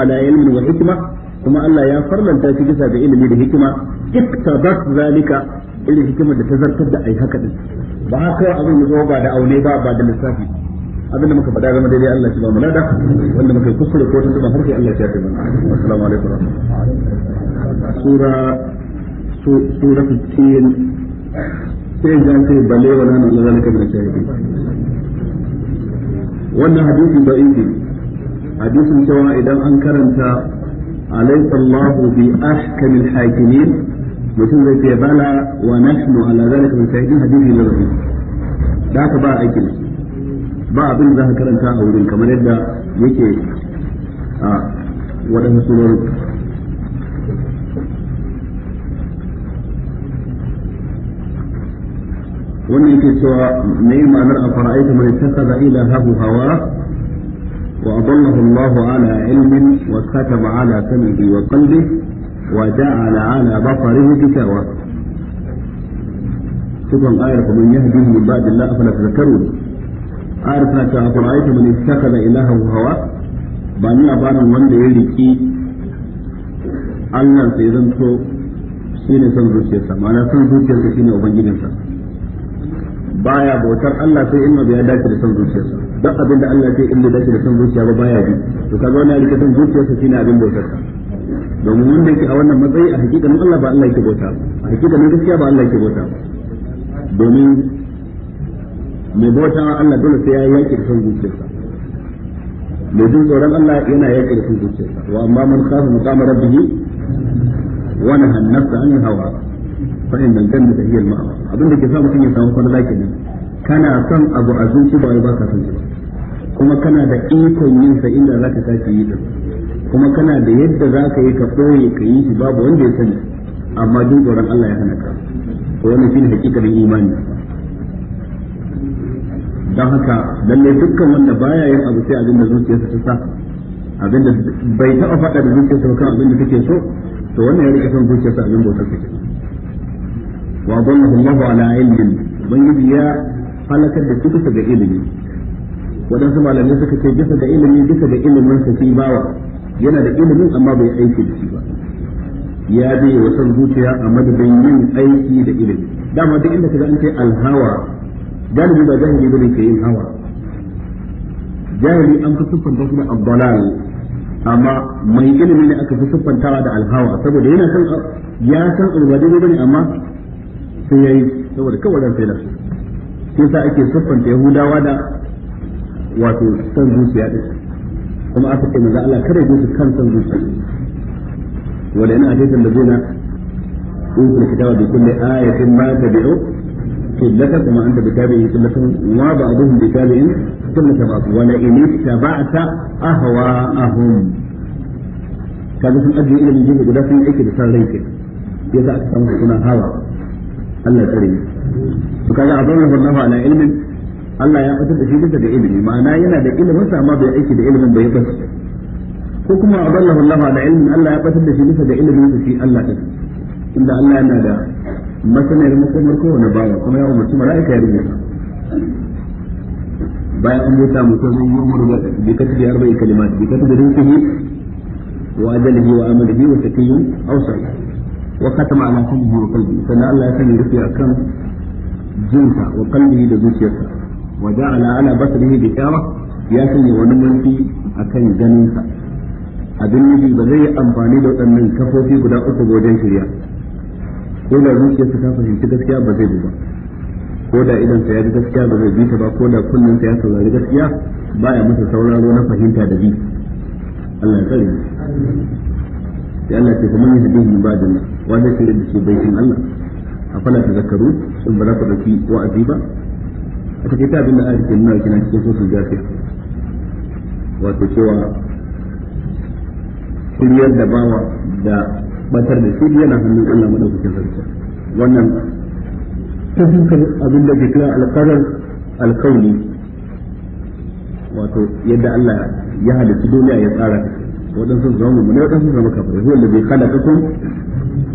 ala ilmin wa kuma Allah ya farlanta shi bisa ga ilimi da hikima iktabat zalika irin hikima da tazartar da ai haka din ba haka abin ya ba da aune ba ba da lissafi abin abinda muka faɗa zama daidai Allah shi ba mu lada wanda muka kuskure ko tun ba harfi Allah ya tafi assalamu alaikum sura sura 15 sai ga sai bale wala na Allah zalika min shahidi wannan hadisi da inji hadisin cewa idan an karanta أليس الله بأحكم الحاكمين mutum zai ce bala wa nahnu ala zalika min shahidin hadisi na rasul da haka ba aikin ba abin za ka karanta a wurin kamar yadda yake a waɗansu surorin wannan yake cewa me ma'anar a fara'aita mai tattara ila hafu hawa وأضله الله على علم وختم على سمعه وقلبه وجعل على بصره كتابة تكون آية فمن يهديه من بعد الله فلا تذكرون آية فلا أفرأيت من اتخذ إلهه هواه بني أبانا وند يلكي Allah sai zan so shi ne son zuciyarsa ma'ana son zuciyarsa shi ne ubangijinsa baya bautar Allah sai in ya dace da son zuciyarsa duk abin da Allah ya ce in bai dace da san zuciya ba baya bi to kaga wannan rike san zuciya sa shine abin bautar sa mun wanda yake a wannan matsayi a hakika mun Allah ba Allah yake bauta a hakika mun gaskiya ba Allah yake bauta domin mai bauta Allah dole sai ya yaki da san zuciyarsa mai jin tsoron Allah yana yake da san zuciyarsa wa amma man khafa maqama rabbih wa nahana nafsa an hawa fa innal jannata hiya al-ma'wa abin da ke samu kin ya samu kwana lakin kana son abu a zuci ba ba ka son shi kuma kana da ikon yin sa inda za ka tashi yi din kuma kana da yadda za ka yi ka ɓoye ka yi shi babu wanda ya sani amma jin tsoron Allah ya hana ka to wannan shine hakikarin imani don haka lallai dukkan wanda baya yin abu sai da zuciyarsa ta sa abinda bai taɓa faɗa da zuciyarsa kan abin da kake so to wannan ya rike son zuciyarsa abin bautar take wa dallahu Allahu ala ilmin ubangiji ya halakar da su bisa ga ilimi waɗansu malamai suka ce bisa ga ilimi bisa ga ilimin sa shi bawa yana da ilimi amma bai aiki da shi ba ya bi wa san zuciya a madadin yin aiki da ilimi dama duk inda kaga an ce alhawa galibi ba jahili bane ke yin hawa jahili an fi siffanta shi da abdalal amma mai ilimi ne aka fi siffantawa da alhawa saboda yana san ya san abu ba daidai bane amma sai yayi saboda kawai dan sai da su shi yasa ake siffanta yahudawa da wato son zuciya da kuma aka ce maza Allah kare zuci kan son zuciya wala in ajatan da zina in kullu kitaba bi kulli ayatin ma tabi'u kullaka kuma anta bi tabi'in kullatan wa ba'dhum bi tabi'in kullaka ba'd wa la in tabata ahwa'ahum kaga sun ajiye ilimin jibi guda sun yi aiki da san rai ke yasa aka samu suna hawa Allah tsare to kaga abin da wannan ala ilmin Allah ya fitar da shi duka da ilimi ma'ana yana da ilimin sa amma bai aiki da ilimin bai fasa ko kuma adallahu Allah ala ilmin Allah ya fitar da shi duka da ilimin sa shi Allah din inda Allah yana da masaniyar makomar kowane bawa kuma ya umarci mala'ika ya rubuta bayan an buta mutum zai yi umar bi kasbi arba'i kalimat bi kasbi rizqihi wa ajalihi wa amalihi wa taqiyyun aw salih wa khatama ala kulli wa qalbi sannan Allah ya sanya rufi akan jinsa wa qalbihi da zuciyarsa wa ja'ala ala basrihi bi kama ya sanya wani mulki akan ganinsa abin nufi ba zai yi amfani da waɗannan kafofi guda uku wajen shirya ko da zuciyarsa ta fahimci gaskiya ba zai bi ba ko da idan sa ya ji gaskiya ba zai bi ta ba ko da kunnen sa ya saurari gaskiya ya masa sauraro na fahimta da bi Allah ya tsare Allah kuma ni hadin ba da wanda ke da shi baitin Allah afala ta zakaru in ba za ku ɗauki wa'azi ba a take ta abinda ake nuna nuna kina cikin sosai jafi wato cewa shiryar da bawa da batar da shi yana hannun Allah madaukakin sarki wannan ta dukkan abin da ke kira alƙarar alkauni wato yadda Allah ya halitta duniya ya tsara waɗansu zama mu ne waɗansu zama kafin zuwa da bai kada kakon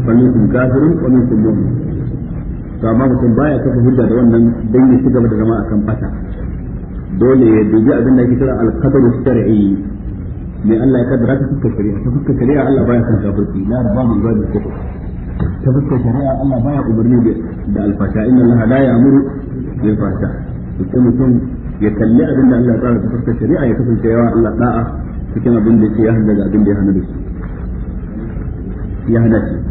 فمنكم wani ومنكم مؤمن to amma mutum baya kafa hujja da wannan dan ya ci da jama'a akan fata dole ya dubi abin da ake kira al-qadru shar'i me Allah ya kaddara ta fuskar shari'a ta fuskar shari'a Allah baya san kafirci la rabba man zabi ta fuskar shari'a Allah baya umarni da al-fata inna Allah la ya'muru bil fata to mutum ya kalli abin da Allah ya tsara ta fuskar shari'a ya kasance yawa Allah da'a cikin abin da yake ya handa da abin da ya hana da shi ya hana shi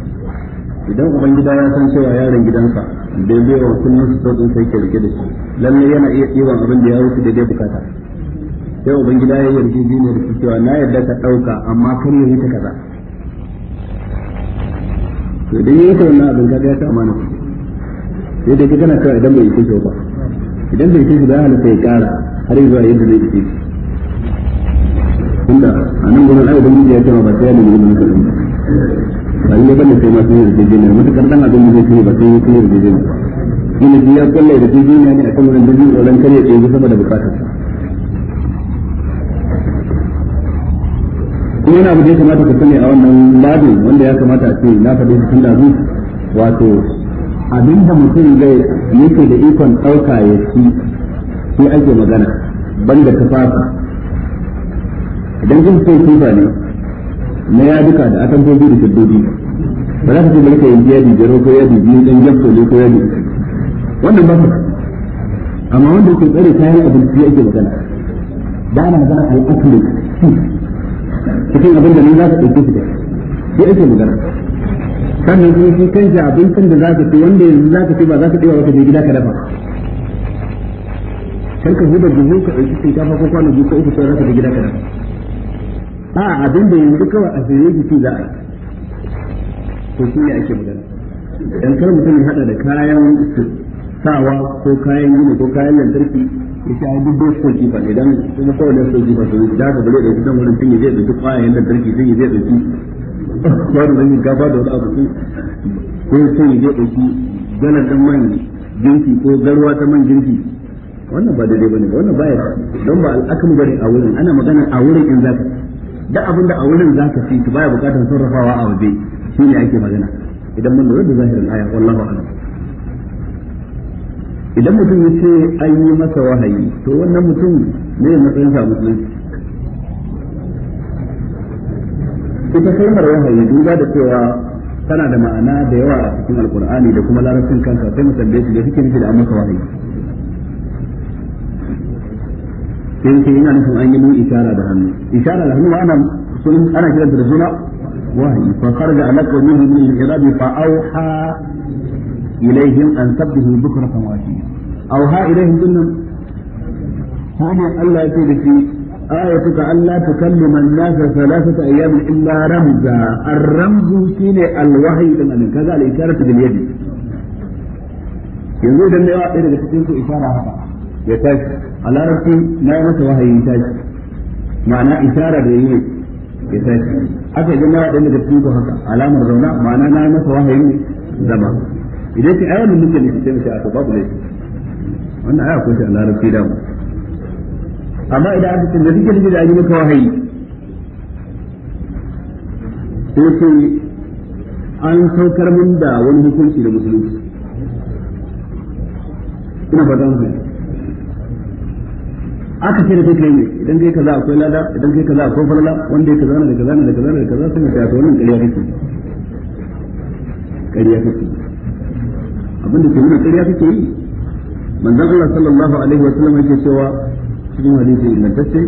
idan uban gida ya san cewa yaron gidansa bai ya wa kullum su sai ke rike da shi lalle yana iya ɗiban abin da ya wuce daidai bukata sai uban gida ya yarda shi ne da cewa na yarda ka ɗauka amma kar yi ta kaza to idan yi ta wannan abin kaga ya ta amana sai da kana cewa idan bai yi ba idan bai yi ba ya halatta ya ƙara har zuwa yadda zai yi tunda a nan gurin ai ubangiji ya ce ba sai ya nemi ka a yi bane sai masu yin yarjejeniya matukar dan abin da zai kai ba sai yi kai yarjejeniya ina ji ya kulla yarjejeniya ne akan wurin da zai tsoron kare ya tsaye saboda bukatar kuma yana abu da ya kamata ka sani a wannan babin wanda ya kamata a ce na faɗi shi tun da zu wato abinda mutum zai yake da ikon ɗauka ya ci shi ake magana banda tufafi idan kun ce tufa ne na yaduka da tobi da shaddodi ba za ka ce bari ka yanki yadi biyar ko yadi biyu dan gyafto ne ko yadi wannan ba ka amma wanda yake tsare kayan abinci ya ake magana ba na magana al'akulu cikin abin da ne za ka ɗauke su da shi ake magana sannan kuma shi kanshi abincin da za ka ci wanda yanzu za ka ci ba za ka ɗewa ba ka je gida ka dafa kan ka huda buhu ka ɗauki shinkafa ko kwano biyu ko uku sai za ka je gida ka dafa a abin da yanzu kawai a zai yake ci za a yi to shi ne ake magana dan kar mutum ya hada da kayan sawa ko kayan gini ko kayan lantarki ya sha duk da su kifa ne dan kuma kawai da su kifa su da ka bare da gidan wurin sun yi zai dauki kwayan lantarki sun yi zai dauki wani zai gaba da wani abu sun ko sun yi zai dauki ganar dan man girki ko garwa ta man girki wannan ba daidai bane wannan baya don ba al'akamu bari a wurin ana magana a wurin in zaka duk abin da a wurin za ka ci to baya bukatar sarrafawa a waje shi ne ake magana idan mun lura da zahirin aya wallahu a'lam idan mutum ya ce an yi masa wahayi to wannan mutum ne ya matsayin sa musulunci ita kalmar wahayi duba da cewa tana da ma'ana da yawa a cikin alkur'ani da kuma larabcin kanka sai mutum da shi da suke nufi da an masa wahayi sai sai yana nufin an yi mun isharar da hannu isharar da hannu ana sun ana kiranta da suna wahayi fa kharaja alaka qawmihi min al-irabi fa awha ilaihim an sabbihu bukratan wa ashiya awha ilaihim dinnan hadi Allah yake da shi آيتك ألا تكلم الناس ثلاثة أيام إلا رمزا الرمز شيني الوحي من كذا الإشارة باليد yanzu idan na yawa daga cikin su ishara haka ya tashi a larabci na yi masa wahayin tashi ma'ana isharar da yi ya tashi aka yi mara ɗan daga cikin haka alamar zauna ma'ana na yi masa ne zama idan ki ayyana muke ne sai mace ko babu laifi wannan aya ko shi a larabci da mu amma idan aka ce da kike da yi maka wahayi ko ce an saukar min da wani hukunci da musulunci ina fata su aka ce da kai kai ne idan kai kaza akwai lada idan kai kaza akwai falala wanda ya kaza na da kaza na da kaza na da kaza sai ya ta wannan ƙarya kake ƙarya kake abinda ke nuna ƙarya kake yi manzon Allah sallallahu alaihi wa sallam yake cewa cikin hadisi ce.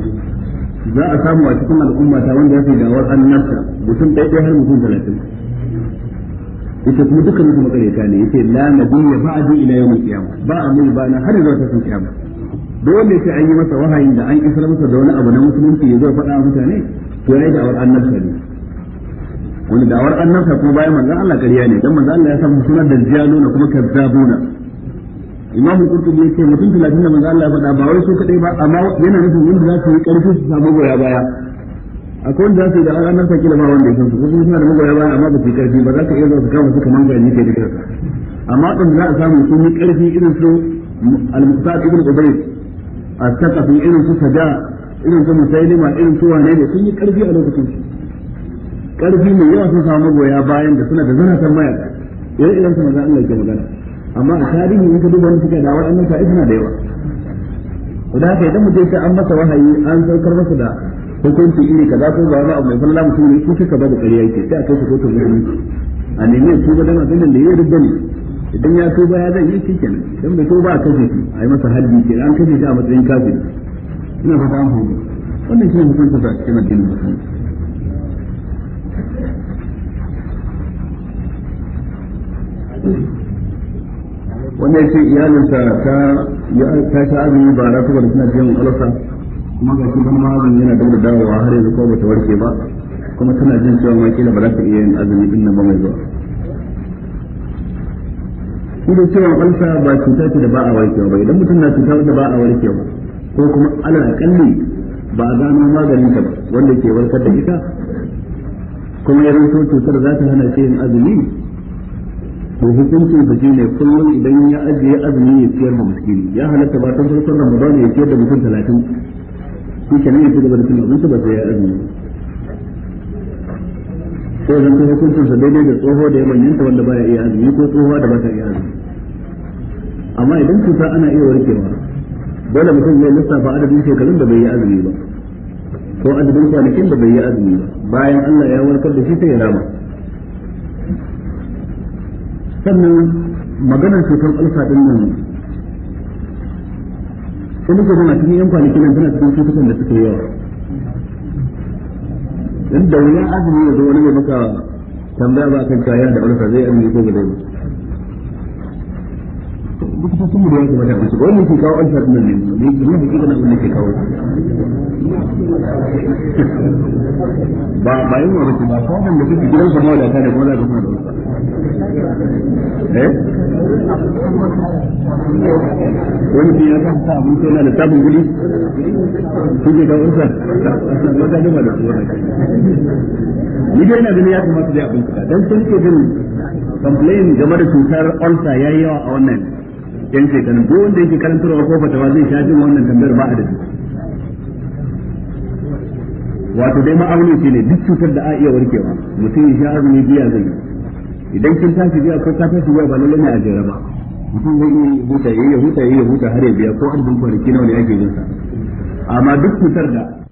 za a samu a cikin al'umma ta wanda ya fi dawar annabta mutum ɗaya ɗaya har mutum talatin yace kuma dukkan mutum makareta ne yace la nabiyya ba'du ila yawm al-qiyamah ba a amul bana har zuwa ta kiyama dole sai an yi masa wahayi da an isar masa da wani abu na musulunci ya zo faɗa mutane to yayi da'awar annabta ne wani da'awar annabta kuma bayan manzon Allah ƙarya ne dan manzon Allah ya samu sunan dajjaluna kuma kazzabuna imam qurtubi ce mutum 30 da manzo Allah ya faɗa ba wai su kadai ba amma yana nufin wanda za su yi karfi su samu goya baya akwai wanda za su yi da'awar ranar kila ba wanda ya san su kuma suna da magoya baya amma ba su yi karfi ba za ka iya zuwa su kama su kaman ni ke da kansa amma din za a samu sun yi ƙarfi irin su al-muqtad ibn ubayd a saka sun irin su saja irin su musailima irin su wane ne sun yi karfi a lokacin su karfi mai yawa sun samu magoya bayan da suna da zaratan mayaka irin irin su maza Allah ke magana amma a tarihi in ka duba wani suke da waɗannan sa'i suna da yawa da haka idan mutum sai an masa wahayi an saukar masa da hukunci iri kaza ko ba wani abu mai falla mutum ne su suka ba da ƙarya yake sai a kai su kotun musulunci a neme su ga dama abin da ya rubuta idan ya tuba ya zai yi shi kenan idan bai tuba a kashe shi a yi masa haddi ke an kashe shi a matsayin kafin ina fata an hudu wannan shi ne hukunta sa cikin addinin musulunci wanda ya ce iyalinsa ta ta ta azumi ba ra saboda suna biyan alasa kuma ga shi ma azumi yana da dawowa har yanzu ko ta warke ba kuma tana jin cewa ma kila ba za ta iya yin azumi din nan ba mai zuwa shi da cewa ulsa ba cuta ce da ba a warkewa ba idan mutum na cuta wanda ba a warkewa ko kuma alal akalli ba a gano maganin ta ba wanda ke warkar da ita kuma ya rinto cutar za ta hana shi yin azumi to hukuncin sa ne kullum idan ya ajiye azumi ya ciyar da miskini ya halatta ba ta farkon Ramadan ya ciyar da mutum talatin shi kenan ya ci gaba da cin abinci ba sai ya azumi ko zan ko hukuncin sa daidai da tsoho da ya manyanta wanda baya iya azumi ko tsohuwa da baka iya azumi amma idan cuta ana iya warkewa dole mutum ya lissafa adadin shekarun da bai yi azumi ba ko adadin kwanakin da bai yi azumi ba bayan Allah ya warkar da shi sai ya rama sannan maganar cutar alfa din nan in muke zama cikin yan kwanaki nan tana cikin cutukan da suke yawa inda wani azumi ya zo wani mai maka tambaya ba kan kaya da ulfa zai azumi ko ba ba duk su tumu da yake mata musu wani ke kawo an din nan ne ne ne ke kana wani ke kawo ba ba yin wani ba ko da kike gidan sa mawada ta da kuma da kuma da eh wani bi ya kan sa abin tona da tabin guli kike ga ursa wata jima da su ni dai ina ganin ya kamata dai abin ka dan sun ke jin complain game da cutar ulsa yayi yawa a wannan yan shekarun duk wanda yake karantarwa ko fatawa zai sha jin wannan tambayar ba a da wato dai ma'auni ne duk cutar da a iya warkewa mutum ya sha azumi biya zai idan kin tashi biya ko ka tashi biya ba lalle ne a jere ba mutum zai iya huta yayi huta yayi huta har ya biya ko arzikin kwanaki nawa ne ake yin sa amma duk cutar da